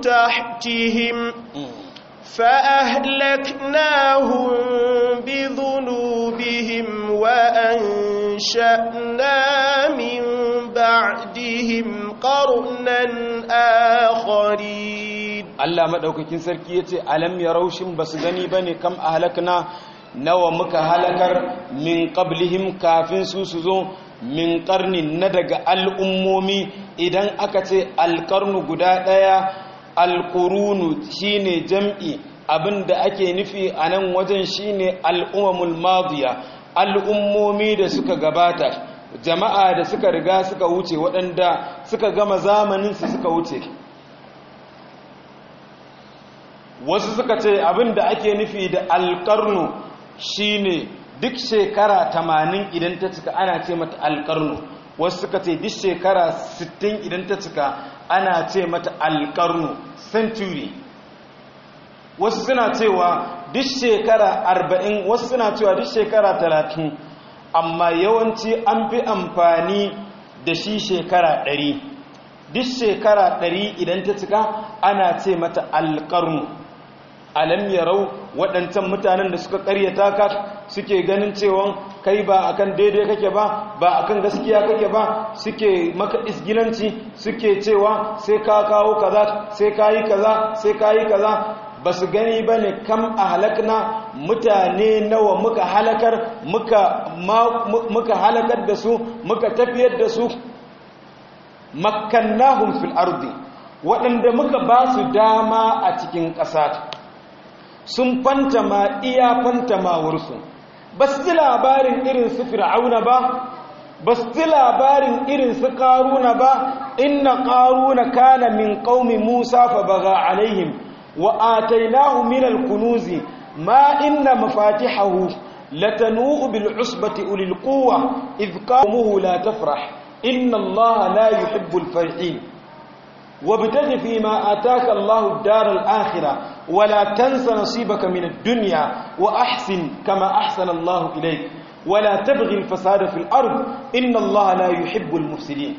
تحتهم فأهلكناهم بذنوبهم وأنشأنا من ba'dihim qarnan akharin Allah madaukakin sarki yace alam yaraushin basu gani bane kam ahlakna nawa muka halakar min qablihim kafin su su zo min qarnin na daga al'ummomi idan aka ce alqarnu guda daya alqurunu shine jam'i abinda ake nufi a nan wajen shine al'umamul madiya al'ummomi da suka gabata jama'a da suka riga suka wuce waɗanda suka gama zamaninsu suka wuce wasu suka ce abin da ake nufi da alƙarnu shine duk shekara tamanin idan ta cika ana ce mata alƙarnu wasu suka ce duk shekara sittin idan ta cika ana ce mata alƙarnu century wasu suna cewa duk shekara arba'in wasu suna cewa duk shekara talatin. amma yawanci an fi amfani da shi shekara ɗari duk shekara ɗari idan ta cika ana ce mata alƙarnu alam yarau waɗancan mutanen da suka ƙaryata ka suke ganin cewa kai ba akan daidai kake ba ba akan gaskiya kake ba suke maka isgilanci suke cewa sai ka kawo kaza sai ka yi kaza sai ka yi kaza ba su gani ba ne kam a halakna mutane nawa muka halakar muka da su muka tafiyar da su makannahun fil ardi waɗanda muka ba su dama a cikin ƙasa sun fanta ma iya wursu ba su ji labarin irin su fir'auna ba ba su ji labarin irin su ƙaruna ba inna ƙaruna kana min ƙaumi musa fa baga alaihim وآتيناه من الكنوز ما إن مفاتحه لتنوء بالعصبة أولي القوة إذ ulil لا تفرح إن الله لا يحب الفرحين وابتغ فيما آتاك الله الدار الآخرة ولا تنس نصيبك من الدنيا وأحسن كما أحسن الله إليك ولا تبغي الفساد في الأرض إن الله لا يحب المفسدين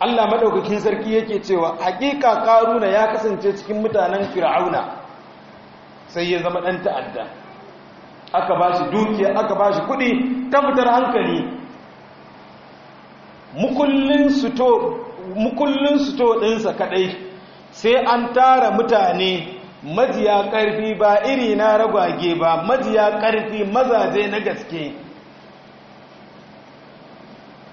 Allah madaukakin sarki yake cewa hakika karuna ya kasance cikin mutanen fir'auna sai ya zama dan ta'adda aka bashi dukiya aka bashi kudi ta fitar hankali mukullin suto mukullin to dinsa kadai sai an tara mutane majiya karfi ba iri na ragwage ba majiya karfi mazaje na gaske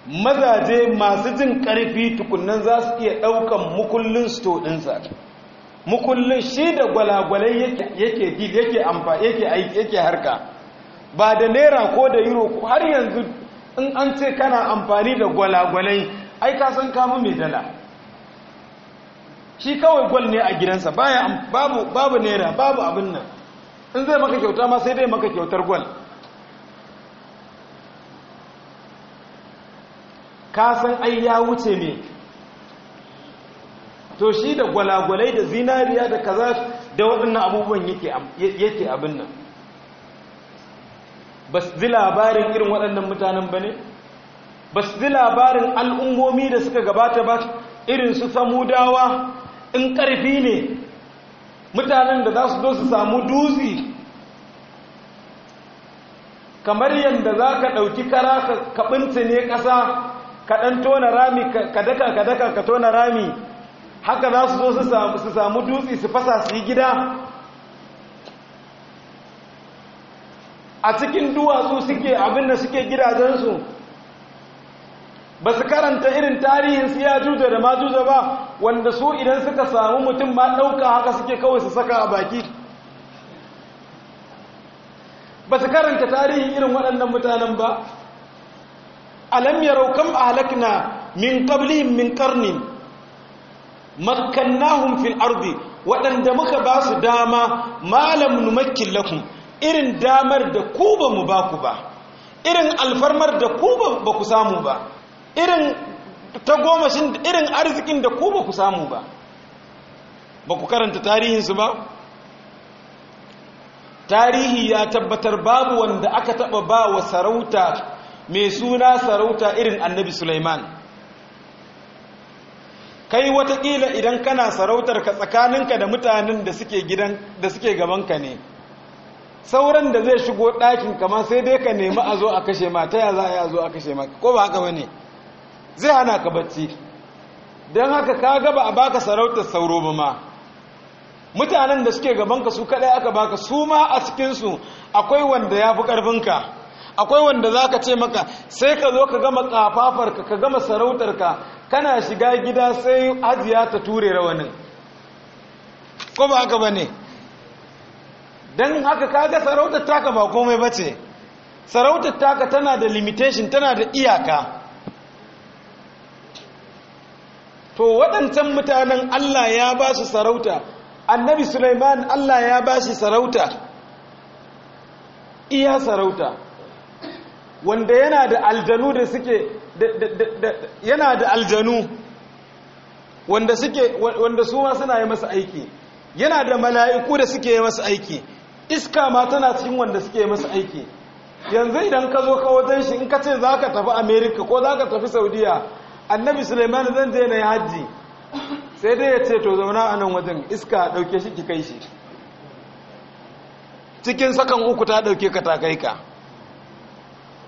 mazaje masu jin ƙarfi tukunan za su iya ɗaukan mukullin sto ɗinsa mukullin shi da gwalagwalai yake gig yake amfa yake aiki yake harka ba da naira ko da euro ko har yanzu in an ce kana amfani da gwalagwalai ai ka san mai dala shi kawai gwal ne a gidansa babu naira babu abin nan in zai maka kyauta ma sai dai maka kyautar gwal ka san ai ya wuce ne to shi da gwalagwalai da zinariya da kaza da waɗannan abubuwan yake abin nan ba su ji labarin irin waɗannan mutanen ba ne ba su ji labarin al'ummomi da suka gabata ba irin su samudawa in ƙarfi ne mutanen da za su zo su samu duzi kamar yadda za ka ɗauki kara ka ne ƙasa ka tona rami ka daka ka daka ka tona rami haka za su zo su samu dutse su fasa su yi gida a cikin duwatsu suke abinda suke gidajensu ba su karanta irin tarihin su ya juja da majuza ba wanda su idan suka samu mutum ma ɗauka haka suke kawai su saka a baki ba su karanta tarihin irin waɗannan mutanen ba alam yarau kam ahlakna min qablihim min qarnin makkannahum fil ardi waɗanda muka ba su dama malam numakkin lakum irin damar da ku ba mu ba ku ba irin alfarmar da ku ba ku samu ba irin tagomashin irin arzikin da ku ba ku samu ba ba ku karanta tarihinsu ba tarihi ya tabbatar babu wanda aka taba ba wa sarauta mai suna sarauta irin annabi Sulaiman kai watakila idan kana sarautar ka tsakaninka da mutanen da suke gidan da suke gabanka ne sauran da zai shigo ɗakin kama sai dai ka nemi a zo a kashe ma ta ya za a zo a kashe ma ko ba haka ne zai hana ka bacci don haka ka gaba a baka sarautar sauro ba ma mutanen da suke gabanka su kaɗai aka baka su ma a cikinsu akwai wanda ya fi ƙarfinka akwai wanda za ka ce maka sai ka zo ka gama kafafarka ka gama sarautarka kana shiga gida sai ajiya ta ture rawanin ko ba haka ba ne don haka kaga sarautar taka ba komai ba ce sarautar taka tana da limitation tana da iyaka to waɗancan mutanen Allah ya ba su sarauta annabi suleiman Allah ya ba shi sarauta iya sarauta wanda yana da aljanu da suke yana da aljanu wanda suke wanda su ma suna yi masa aiki yana da mala'iku da suke yi masa aiki iska ma tana cikin wanda suke yi masa aiki yanzu idan ka zo ka wajen shi in ka ce za ka tafi Amerika ko za ka tafi saudiya annabi suleiman zan je na yi hajji sai dai ya ce to zauna a nan wajen iska ɗauke shi ki kai shi cikin sakan uku ta ɗauke ka ta kai ka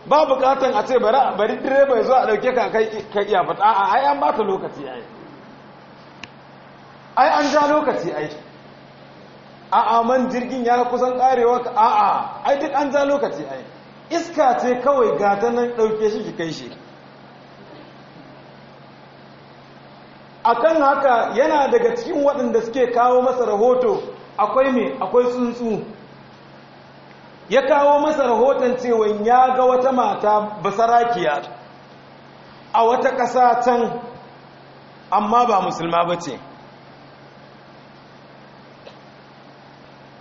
ba bukatan a ce bari direba ya zo a dauke ka kai iya fata a ai an bata lokaci ai ai an ja lokaci ai a a man jirgin ya kusan karewa a a ai duk an ja lokaci ai iska ce kawai gata nan dauke shi kai shi akan haka yana daga cikin waɗanda suke kawo masa rahoto akwai me akwai tsuntsu ya kawo masa rahoton cewa ya ga wata mata basarakiya a wata ƙasa can amma ba musulma ba ce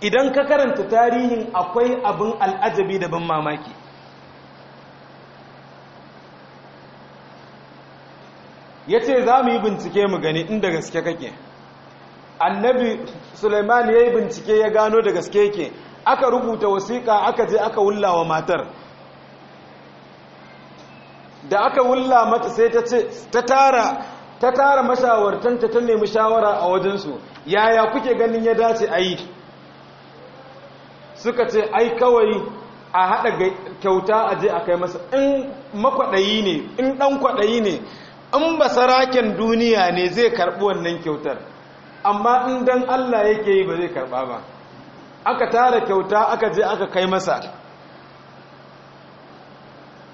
idan ka karanta tarihin akwai abin al'ajabi da ban mamaki ya ce za mu yi bincike mu gani inda gaske kake annabi suleiman ya yi bincike ya gano da gaske yake aka rubuta wasiƙa aka je aka wulla wa matar da aka wulla mata sai ta ce ta tara ta tara mashawartanta ta nemi shawara a wajen su yaya kuke ganin ya dace a yi suka ce ai kawai a haɗa kyauta a je a kai masa in makwaɗayi ne in ɗan kwaɗayi ne in ba saraken duniya ne zai karɓi wannan kyautar amma in dan Allah yake yi ba zai karɓa ba aka tara kyauta aka je aka kai masa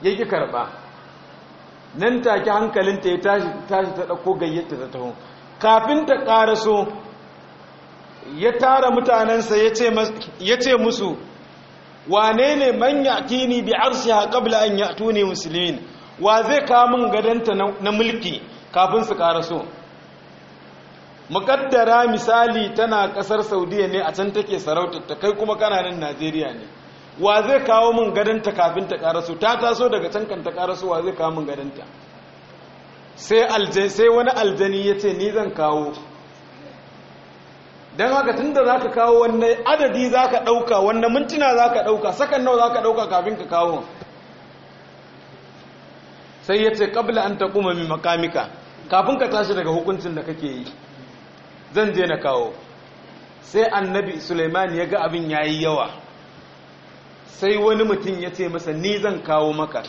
ya ki karɓa nan take hankalinta ya tashi ta ɗauko gayyata ta taho kafin ta ƙaraso ya tara mutanensa ya ce musu wane ne manya kini bi arshi ha ƙabla an ya tuni musulmin wa zai kamun gadanta na mulki kafin su so. mukaddara misali tana kasar saudiya ne a can take sarauta ta kai kuma kananan najeriya ne wa zai kawo min gadanta kafin ta karasu ta taso daga can kan ta karasu wa zai kawo min gadanta sai sai wani aljani ya ce ni zan kawo don haka tun da za ka kawo wannan adadi za ka ɗauka wannan mintuna za ka ɗauka sakan nawa za ka ɗauka kafin ka kawo sai ya ce ƙabla an ta kuma mai makamika kafin ka tashi daga hukuncin da kake yi zan je na kawo sai annabi suleiman ya ga abin ya yi yawa sai wani mutum ya ce masa ni zan kawo maka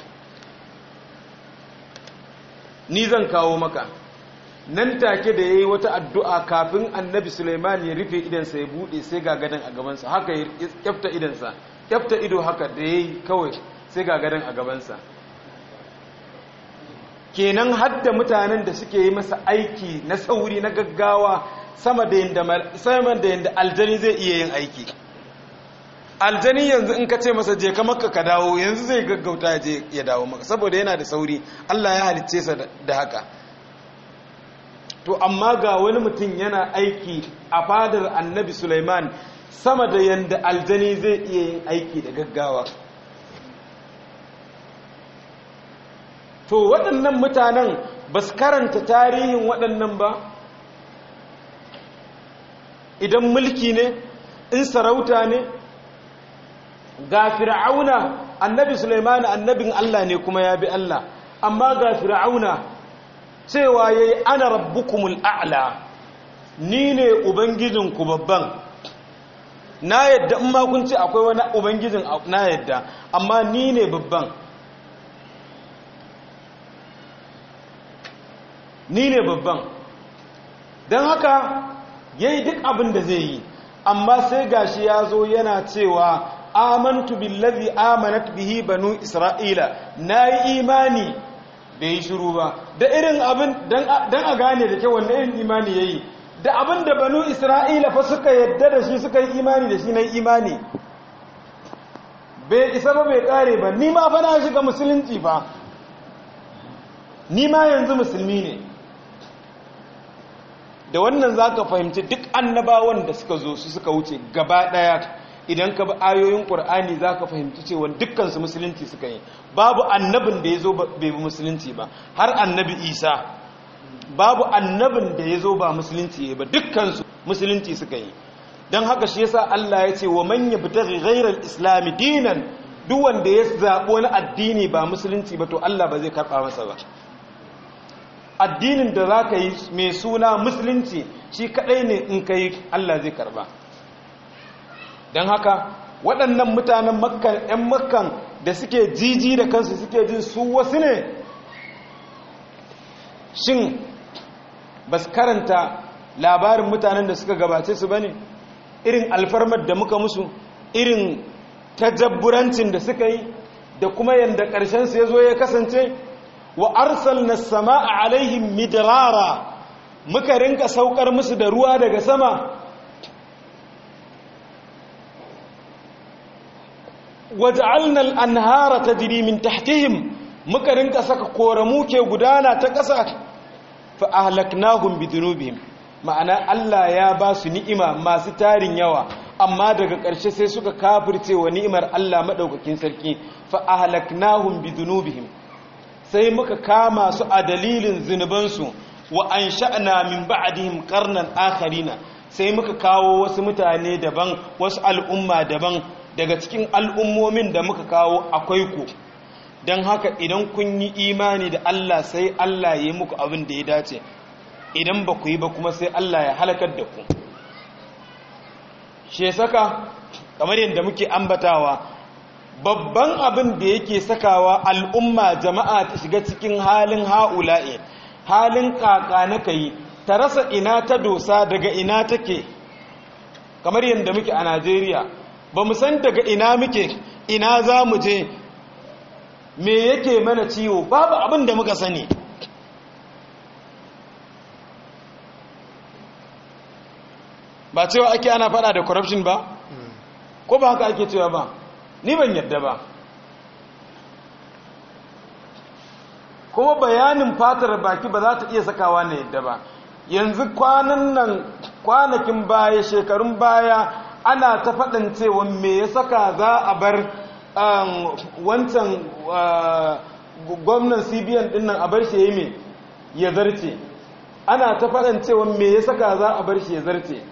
ni zan kawo maka nan take da ya yi wata addu'a kafin annabi suleiman ya rufe idansa ya buɗe sai ga gadon a gabansa haka ya kyafta idansa kyafta ido haka da ya yi kawai sai ga gadon a gabansa kenan hadda mutanen da suke yi masa aiki na sauri na gaggawa sama da yadda aljani zai iya yin aiki aljani yanzu in ka ce masa je ka maka ka dawo yanzu zai gaggauta je ya dawo maka saboda yana da sauri Allah ya halicce sa da haka to amma ga wani mutum yana aiki a fadar annabi Sulaiman sama da yadda aljani zai iya yin aiki da gaggawa to waɗannan mutanen ba su karanta tarihin waɗannan ba idan mulki ne in sarauta ne ga fir'auna annabi suleimani annabin Allah ne kuma ya bi Allah amma ga fir'auna cewa yayi ana rabbukumul a'la ni ne ubangijinku babban na yadda in makunci akwai wani ubangijin na yadda amma ni ne babban ni ne babban don haka ya yi duk abin da zai yi amma sai gashi ya zo yana cewa amantu billazi amanat bihi banu isra'ila na yi imani da yi shiru ba da irin abin don a gane da kyau wanda irin imani ya yi da abin da banu isra'ila fa suka yadda da shi suka yi imani da shi na imani bai isa ba bai kare ba ni ma fa na shiga musulunci ba ni ma yanzu musulmi ne da wannan za ka fahimci duk annabawan da suka zo su suka wuce gaba ɗaya idan ka bi ayoyin ƙur'ani za ka fahimci cewa dukansu musulunci suka yi babu annabin da ya zo bai bi musulunci ba har annabi isa babu annabin da ya zo ba musulunci ba dukansu musulunci suka yi don haka shi yasa allah ya ce wa manya bitari ghairar islami dinan duk wanda ya zaɓo na addini ba musulunci ba to allah ba zai karɓa masa ba addinin da za ka yi mai suna musulunci shi kaɗai ne in ka yi Allah zai karba don haka waɗannan mutanen makkan 'yan makkan da suke jiji da kansu suke jin su wasu ne shin ba su karanta labarin mutanen da suka gabace su ba ne irin alfarmar da muka musu irin tajabburancin da suka yi da kuma yadda ƙarshensu ya zo ya kasance wa arsalna samaa alaihim midrara muka rinka saukar musu da ruwa daga sama waj'alna al-anhara tajri min tahtihim muka rinka saka koramu ke gudana ta ƙasa fa ahlaknahum bidunubihim ma'ana Allah ya ba su ni'ima masu tarin yawa amma daga ƙarshe sai suka kafirce wa ni'imar Allah madaukakin sarki fa ahlaknahum bidunubihim sai muka kama su a dalilin zunubansu wa an sha'na min ba'adihim karnan akharina sai muka kawo wasu mutane daban wasu al'umma daban daga cikin al'ummomin da muka kawo akwai ku don haka idan kun yi imani da Allah sai Allah ya yi muku abin da ya dace idan ba ku yi ba kuma sai Allah ya halakar da ku shesaka kamar yadda muke ambatawa babban abin da yake sakawa al'umma jama'a ta shiga cikin halin ha'ula'i halin kaka na kai ta rasa ina ta dosa daga ina take kamar yadda muke a najeriya ba mu san daga ina muke ina za mu je me yake mana ciwo babu abin da muka sani ba cewa ake ana fada da corruption ba hmm. ko ba haka ake cewa ba ni ban yadda ba kuma bayanin fatar baki ba za ta iya sakawa na yadda ba yanzu kwanan nan kwanakin baya shekarun baya ana ta faɗin cewa me ya saka za a bar um, wancan uh, gwamnan cbn ɗin nan a bar shi ya yi ya zarce ana ta faɗin cewa me ya saka za a bar shi ya zarce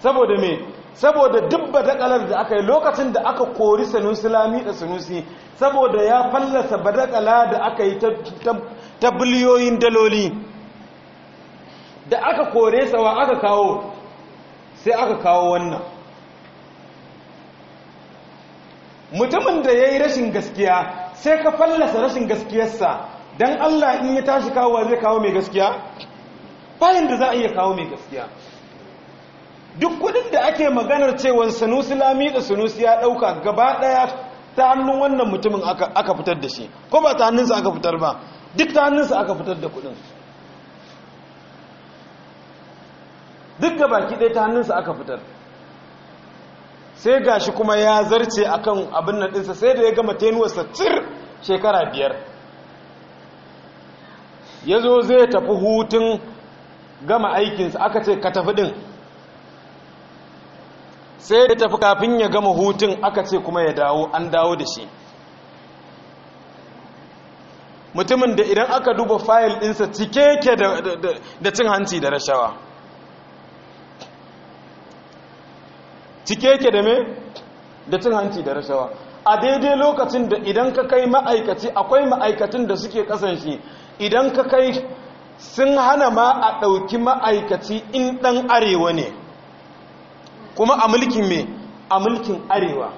saboda me saboda dubba badakalar da aka yi lokacin da aka kori sanusi lami da sanusi saboda ya fallasa badakala da aka yi ta biliyoyin daloli da aka kore sawa aka kawo sai aka kawo wannan mutumin da ya yi rashin gaskiya sai ka fallasa rashin gaskiyarsa don allah in ya tashi kawo zai kawo mai gaskiya bayan da za a iya kawo mai gaskiya duk kudin da ake maganar cewa sanusi lami da sanusi ya dauka gaba daya ta hannun wannan mutumin aka fitar da shi ko ba ta hannunsa aka fitar ba duk ta hannunsa aka fitar da kudin duk gaba baki ɗaya ta hannunsa aka fitar sai gashi kuma ya zarce akan abin na ɗinsa sai da ya gama tenuwarsa cir shekara biyar ya zo zai tafi hutun gama aikinsa aka ce ka tafi ɗin sai da tafi kafin ya gama hutun aka ce kuma ya dawo an dawo da shi mutumin da idan aka duba fayil ɗinsa cike ke da cin hanci da rashawa cike ke da me da cin hanci da rashawa a daidai lokacin da idan ka kai ma'aikaci akwai ma'aikatan da suke kasan idan ka kai sun hana ma a ɗauki ma'aikaci in ɗan arewa ne kuma a mulkin me a mulkin arewa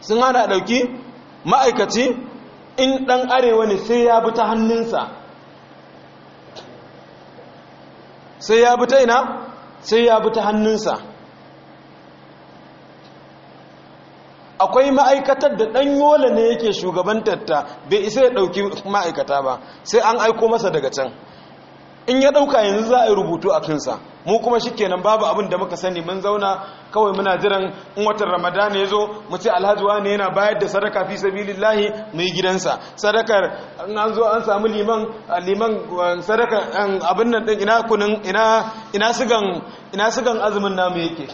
sun hana a ɗauki ma'aikaci in ɗan arewa ne sai ya bi ta hannunsa sai ya bi ta ina sai ya bi ta hannunsa akwai ma'aikatar da ɗan yola ne yake ta bai isa ya ɗauki ma'aikata ba sai an aiko masa daga can in ya ɗauka yanzu za a yi rubutu a kansa mu kuma shi kenan babu abin da muka sani mun zauna kawai muna jiran in watan ramadana ya zo mu ce alhaji ne yana bayar da sadaka fi sabilillahi mu yi gidansa sadakar an zo an samu liman liman sadaka abin nan din ina kunin ina ina sigan ina sigan azumin namu yake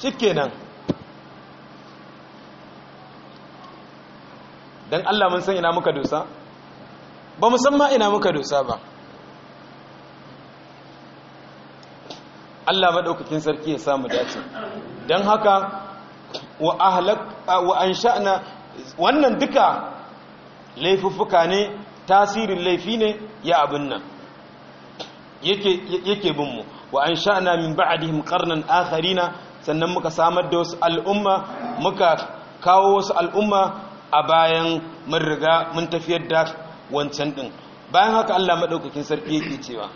shikenan don Allah mun san ina muka dosa ba musamman ina muka dosa ba Allah madaukakin sarki ya samu dace don haka wannan duka laifuffuka ne tasirin laifi ne ya abin nan yake bin mu wa ansha'na min ba'dihim qarnan akharina sannan muka samar da wasu al'umma muka kawo wasu al'umma a bayan mun riga mun tafiyar da wancan din bayan haka Allah madaukakin sarki yake cewa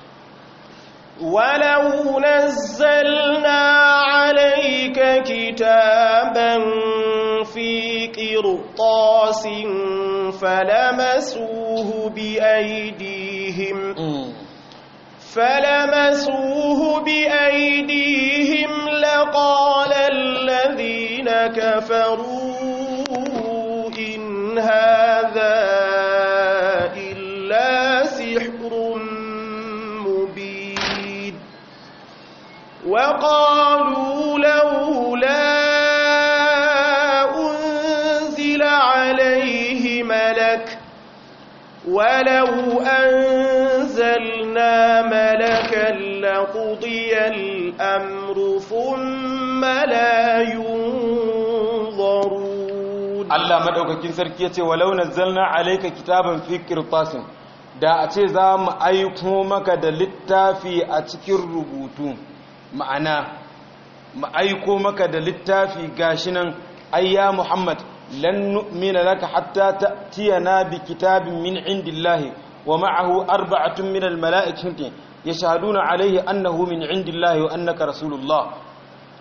ولو نزلنا عليك كتابا في قرطاس فلمسوه بأيديهم فلمسوه بأيديهم لقال الذين كفروا إن هذا وقالوا لولا أنزل عليه ملك ولو أنزلنا ملكا لقضي الأمر ثم لا ينظرون الله مدعوكين سركية ولو نزلنا عليك كتابا في كرطاس da a ce za mu aiko maka da littafi a cikin rubutu ma'ana ma'aiko maka da littafi gashi nan ayya muhammad lan nu'mina laka hatta ta'tiyana bi kitabin min indillahi wa ma'ahu arba'atun min almala'ikati yashhaduna alayhi annahu min indillahi wa annaka rasulullah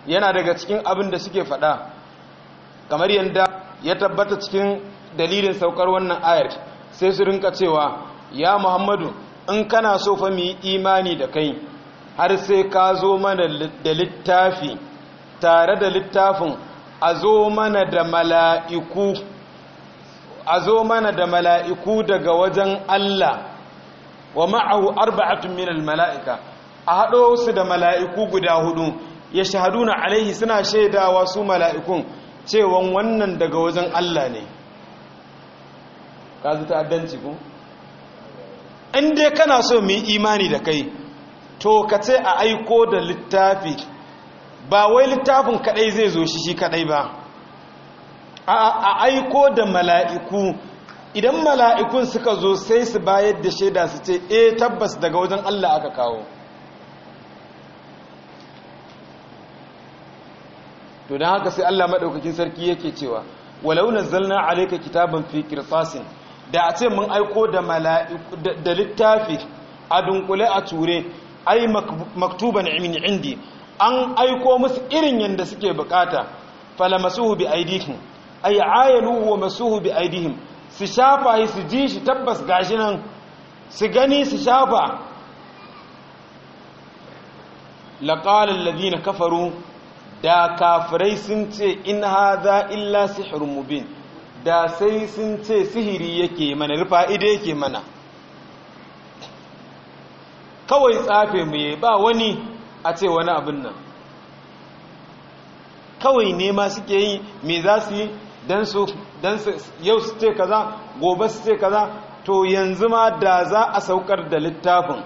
yana daga cikin abin da suke fada. kamar yanda ya tabbata cikin dalilin saukar wannan ayar sai su rinka cewa ya muhammadu in kana so fa mu yi imani da kai har sai ka zo mana da littafi tare da littafin a zo mana da mala'iku a zo mana da mala'iku daga wajen Allah wa ma'ahu arba'atun minal mala'ika a haɗo su da mala'iku guda hudu ya shahadu na alaihi suna shaidawa su mala'ikun cewon wannan daga wajen Allah ne ka zuta ta'addanci ku? in dai kana so mu yi imani da kai to ka ce a aiko da littafi ba wai littafin kadai zai zo shi shi kadai ba a aiko da mala'iku idan mala'ikun suka zo sai su bayar da shaida su ce e tabbas daga wajen Allah aka kawo to don haka sai Allah maɗaukakin sarki yake cewa walau na zalna alaika kitaban fi fasin da a ce mun aiko da littafi a dunkule a ture ai maktuban min indi an aiko musu irin yanda suke bukata falamasuhu bi aidihim ay ayalu wa masuhu bi aidihim su shafa su ji shi tabbas gashi nan su gani su shafa laqala alladhina kafaru da kafirai sun ce in hadha illa sihrun mubin da sai sun ce sihiri yake mana rufa ide yake mana kawai tsafe mu yi ba wani a ce wani abin nan kawai nema suke yi mai za su yi don su yau su ce kaza gobe su ce kaza to yanzu ma da za a saukar da littafin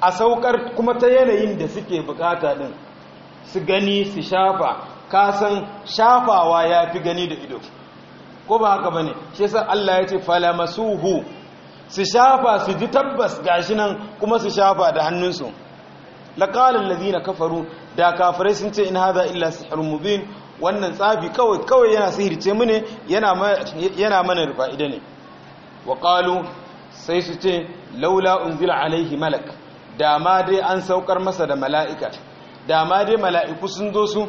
a saukar kuma ta yanayin da suke bukata din su gani su shafa kasan shafawa ya fi gani da ido ko ba haka ba ne shi yasa Allah ya ce falamasuhu su shafa su ji tabbas gashi nan kuma su shafa da hannunsu laƙalin lazina kafaru da kafirai sun ce in haza illa sihirun mubin wannan tsafi kawai kawai yana sihirce mu ne yana mana rufa'ida ne wa ƙalu sai su ce laula unzila alaihi malak da ma dai an saukar masa da mala'ika da ma dai mala'iku sun zo su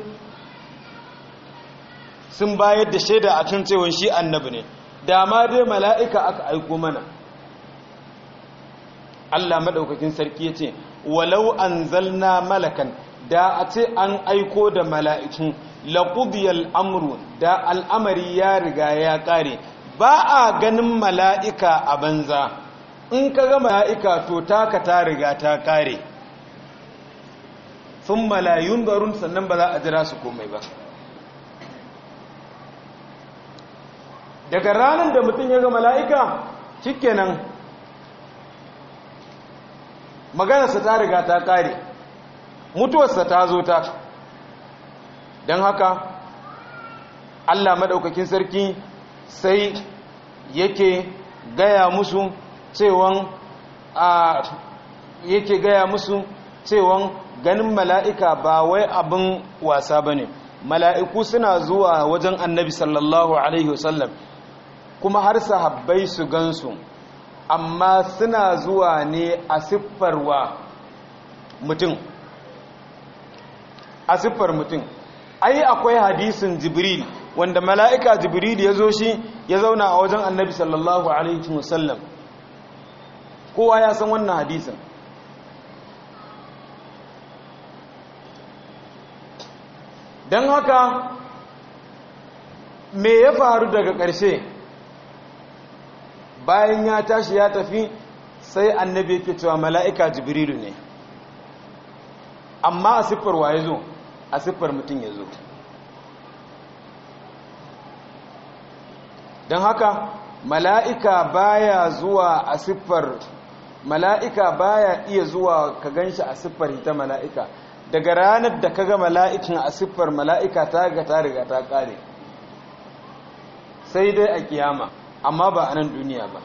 sun bayar da shaida a kan cewa shi annabi ne da ma dai mala'ika aka aiko mana Allah madaukakin sarki yace walau anzalna malakan da a ce an aiko da mala'iku laqudiyal amru da al'amari ya riga ya kare ba a ganin mala'ika a banza in ka ga mala'ika to taka ta riga ta kare sun malayun barun sannan ba za a jira su komai ba daga ranar da mutum ya ga mala'ika cike nan maganarsa ta riga ta kare mutuwarsa ta zo ta don haka allah maɗaukakin sarki sai yake gaya musu cewan a yake gaya musu ganin mala'ika ba wai abin wasa ba ne mala'iku suna zuwa wajen annabi sallallahu alaihi wasallam kuma har sahabbai su gansu amma suna zuwa ne a siffarwa mutum a siffar mutum ai akwai hadisin jibril wanda mala'ika jibril ya zo shi ya zauna a wajen annabi sallallahu alaihi wasallam kowa ya san wannan hadisin don haka me ya faru daga ƙarshe bayan ya tashi ya tafi sai annabi yake cewa mala'ika jibrilu ne amma a siffar wa ya zo a siffar mutum ya zo don haka mala'ika baya zuwa a siffar mala'ika baya iya zuwa ka ganshi a siffar ita mala'ika daga ranar da kaga mala'ikin a siffar mala'ika ta ga ta riga ta kare sai dai a kiyama amma ba a nan duniya ba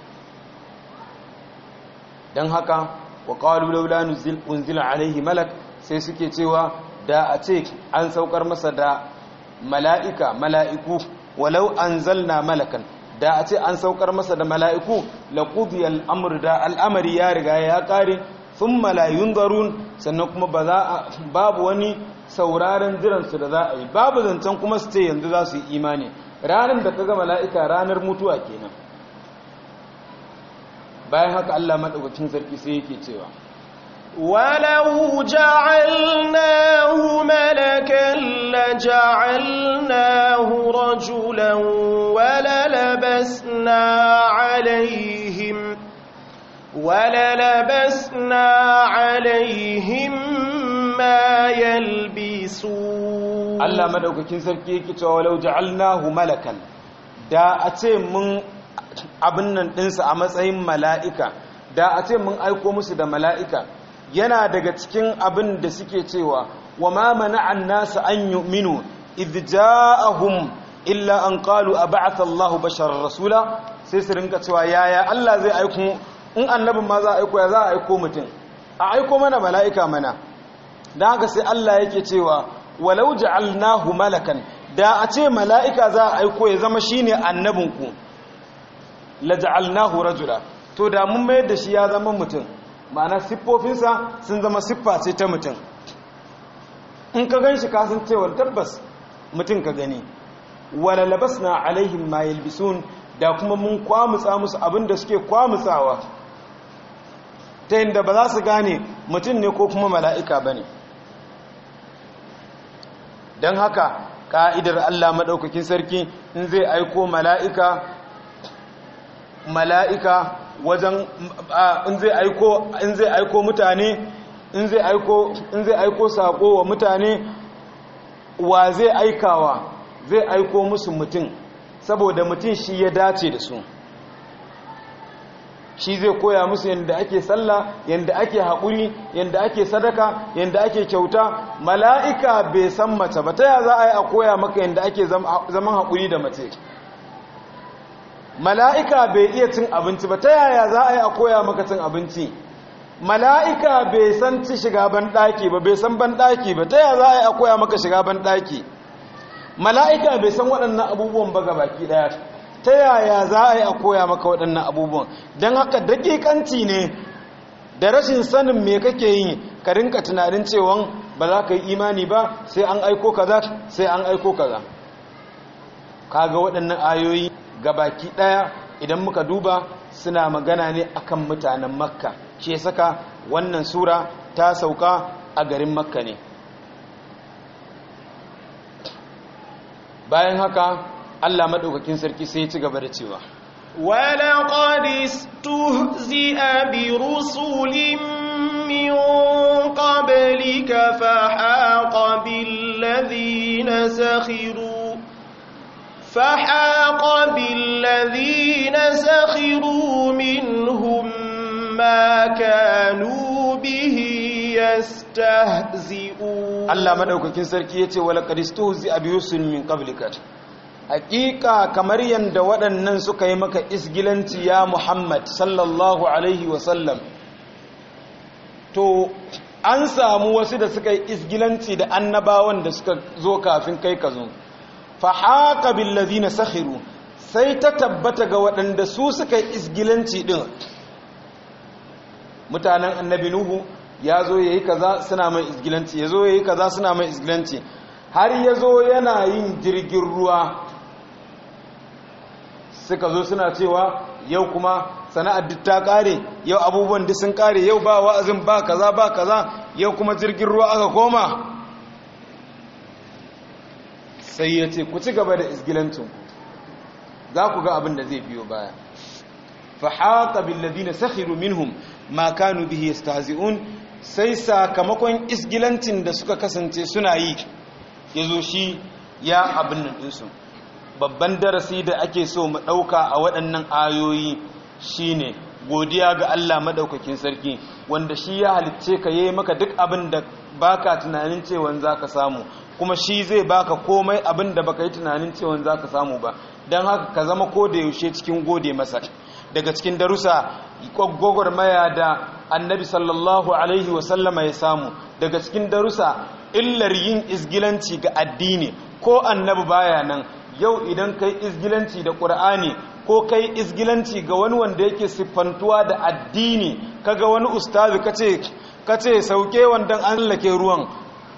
don haka wa ƙalu laula unzila alaihi malak sai suke cewa da a ce an saukar masa da mala'ika mala'iku walau an zalna malakan da a ce an saukar masa da mala'iku laƙudiyar al’amur da al'amari ya riga ya ƙare sun malayun zarun sannan kuma babu wani sauraren jiransu da za a yi babu zancen kuma su ce yanzu za su yi imani ranar da ka gama la'ika ranar mutuwa kenan bayan haka Allah maɗaukacin sarki sai yake cewa walau ja'alnahu malakan la ja'alnahu rajulan wala na alayhi وللبسنا عليهم ما يلبسون الله madaukakin sarki yake cewa walau ja'alnahu malakan da a abin nan a matsayin mala'ika da a ce mun aiko musu da mala'ika yana daga cikin abin da suke cewa wa ma mana'an nasu an yu'minu idh ja'ahum illa an kalu a Allahu bashar rasula sai su rinka cewa yaya Allah zai aiko in annabin ma za a aiko ya za a aiko mutum a aiko mana mala'ika mana da haka sai Allah yake cewa walau ja'alnahu malakan da a ce mala'ika za a aiko ya zama shi shine annabinku la ja'alnahu rajula to da mun mayar da shi ya zama mutum ma'ana siffofinsa sun zama siffa sai ta mutum in ka gan shi kasan cewar tabbas mutum ka gani walalabas na alaihin ma bisun da kuma mun kwamutsa musu abin da suke kwamutsawa ta yadda ba za su gane mutum ne ko kuma mala'ika ba ne don haka ƙa'idar allah maɗaukakin sarki in zai aiko mala'ika mala'ika wajen in zai aiko mutane in zai aiko saƙo wa mutane wa zai aikawa zai aiko musu mutum saboda mutum shi ya dace da su shi zai koya musu yadda ake sallah yadda ake haƙuri yadda ake sadaka yadda ake kyauta mala'ika bai san mace ba ta ya za a yi a koya maka yadda ake zaman haƙuri da mace mala'ika bai iya cin abinci ba ta yaya za a yi a koya maka cin abinci mala'ika bai san ci shiga banɗaki ba bai san banɗaki ba ta yaya za a yi a koya maka shiga banɗaki mala'ika bai san waɗannan abubuwan ba ga baki ɗaya ta yaya za a yi a koya maka waɗannan abubuwan don haka daƙiƙanci ne da rashin sanin me kake yi ka rinka tunanin cewa ba za ka yi imani ba sai an aiko kaza sai an aiko kaza ga waɗannan ayoyi ga baki ɗaya idan muka duba suna magana ne akan mutanen makka ke saka wannan sura ta sauka a garin makka ne bayan haka Allah maɗaukakin sarki sai ya ci gaba da cewa. Wala ƙadis tuzi a biru sulimin ƙabali ka faha ƙabilazi na sahiru. Faha ƙabilazi na sahiru min hummakanu bihi yasta Allah maɗaukakin sarki ya ce, Wala ƙadis tuzi a biru min ƙabali ka hakika kamar yadda waɗannan suka yi maka isgilanci ya muhammad sallallahu alaihi wasallam to an samu wasu da suka yi isgilanci da annabawan da suka zo kafin kai ka zo fahaka billazi na sahiru sai ta tabbata ga waɗanda su suka yi isgilanci ɗin mutanen annabi nuhu ya zo ya yi kaza suna mai isgilanci ya zo ya yi kaza suna mai isgilanci har ya zo yana yin jirgin ruwa suka zo suna cewa yau kuma sana'ar duk ta kare yau abubuwan duk sun kare yau ba wa'azin ba kaza ba kaza yau kuma jirgin ruwa aka koma sai ya ce ku ci gaba da isgilancin za ku ga abin da zai biyo baya fahaqa bil ladina sakhiru minhum ma kanu bihi yastahzi'un sai sakamakon isgilancin da suka kasance suna yi ya zo shi ya abin nan babban darasi da ake so mu ɗauka a waɗannan ayoyi shine godiya ga Allah maɗaukakin sarki wanda shi ya halicce ka yi maka duk abin da baka tunanin za ka samu kuma shi zai baka komai abin da baka yi tunanin za ka samu ba don haka ka zama ko da yaushe cikin gode masa daga cikin darusa, gogor maya da annabi sallallahu alaihi wasallama ya samu daga cikin darusa, illar yin izgilanci ga addini ko annabi baya nan yau idan kai izgilanci da ƙur'ani ko kai izgilanci ga wani wanda yake siffantuwa da addini kaga wani ustazi kace kace sauke wandan an lake ruwan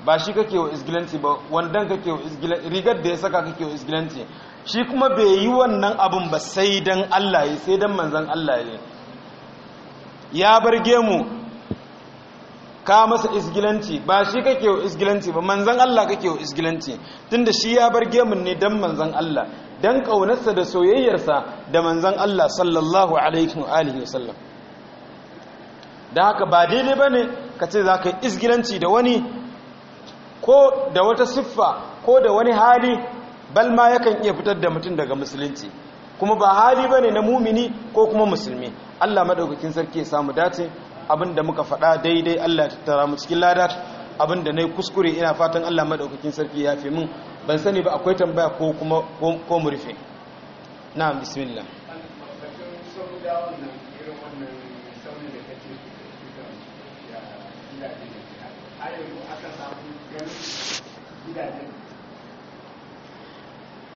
ba shi kake wa izgilanci ba wandan kake wa izgilanci rigar da ya saka kake wa izgilanci shi kuma bai yi wannan abin ba sai dan Allah ya sai dan manzon Allah ya ya bar gemu ka masa isgilanci ba shi kake wa isgilanci ba manzan Allah kake wa isgilanci tunda shi ya bar gemun ne dan manzan Allah dan kaunarsa da soyayyarsa da manzan Allah sallallahu alaihi wa alihi wasallam da haka ba daidai bane ka ce zaka yi isgilanci da wani ko da wata siffa ko da wani hali bal ma yakan iya fitar da mutum daga musulunci kuma ba hali bane na mumini ko kuma musulmi Allah madaukakin sarki ya samu dace da muka faɗa daidai Allah ya tattara mu cikin ladar abinda nayi kuskure ina fatan Allah madaukakin sarki ya fi min ban sani ba akwai tambaya ko kuma ko mu rufe na'am bismillah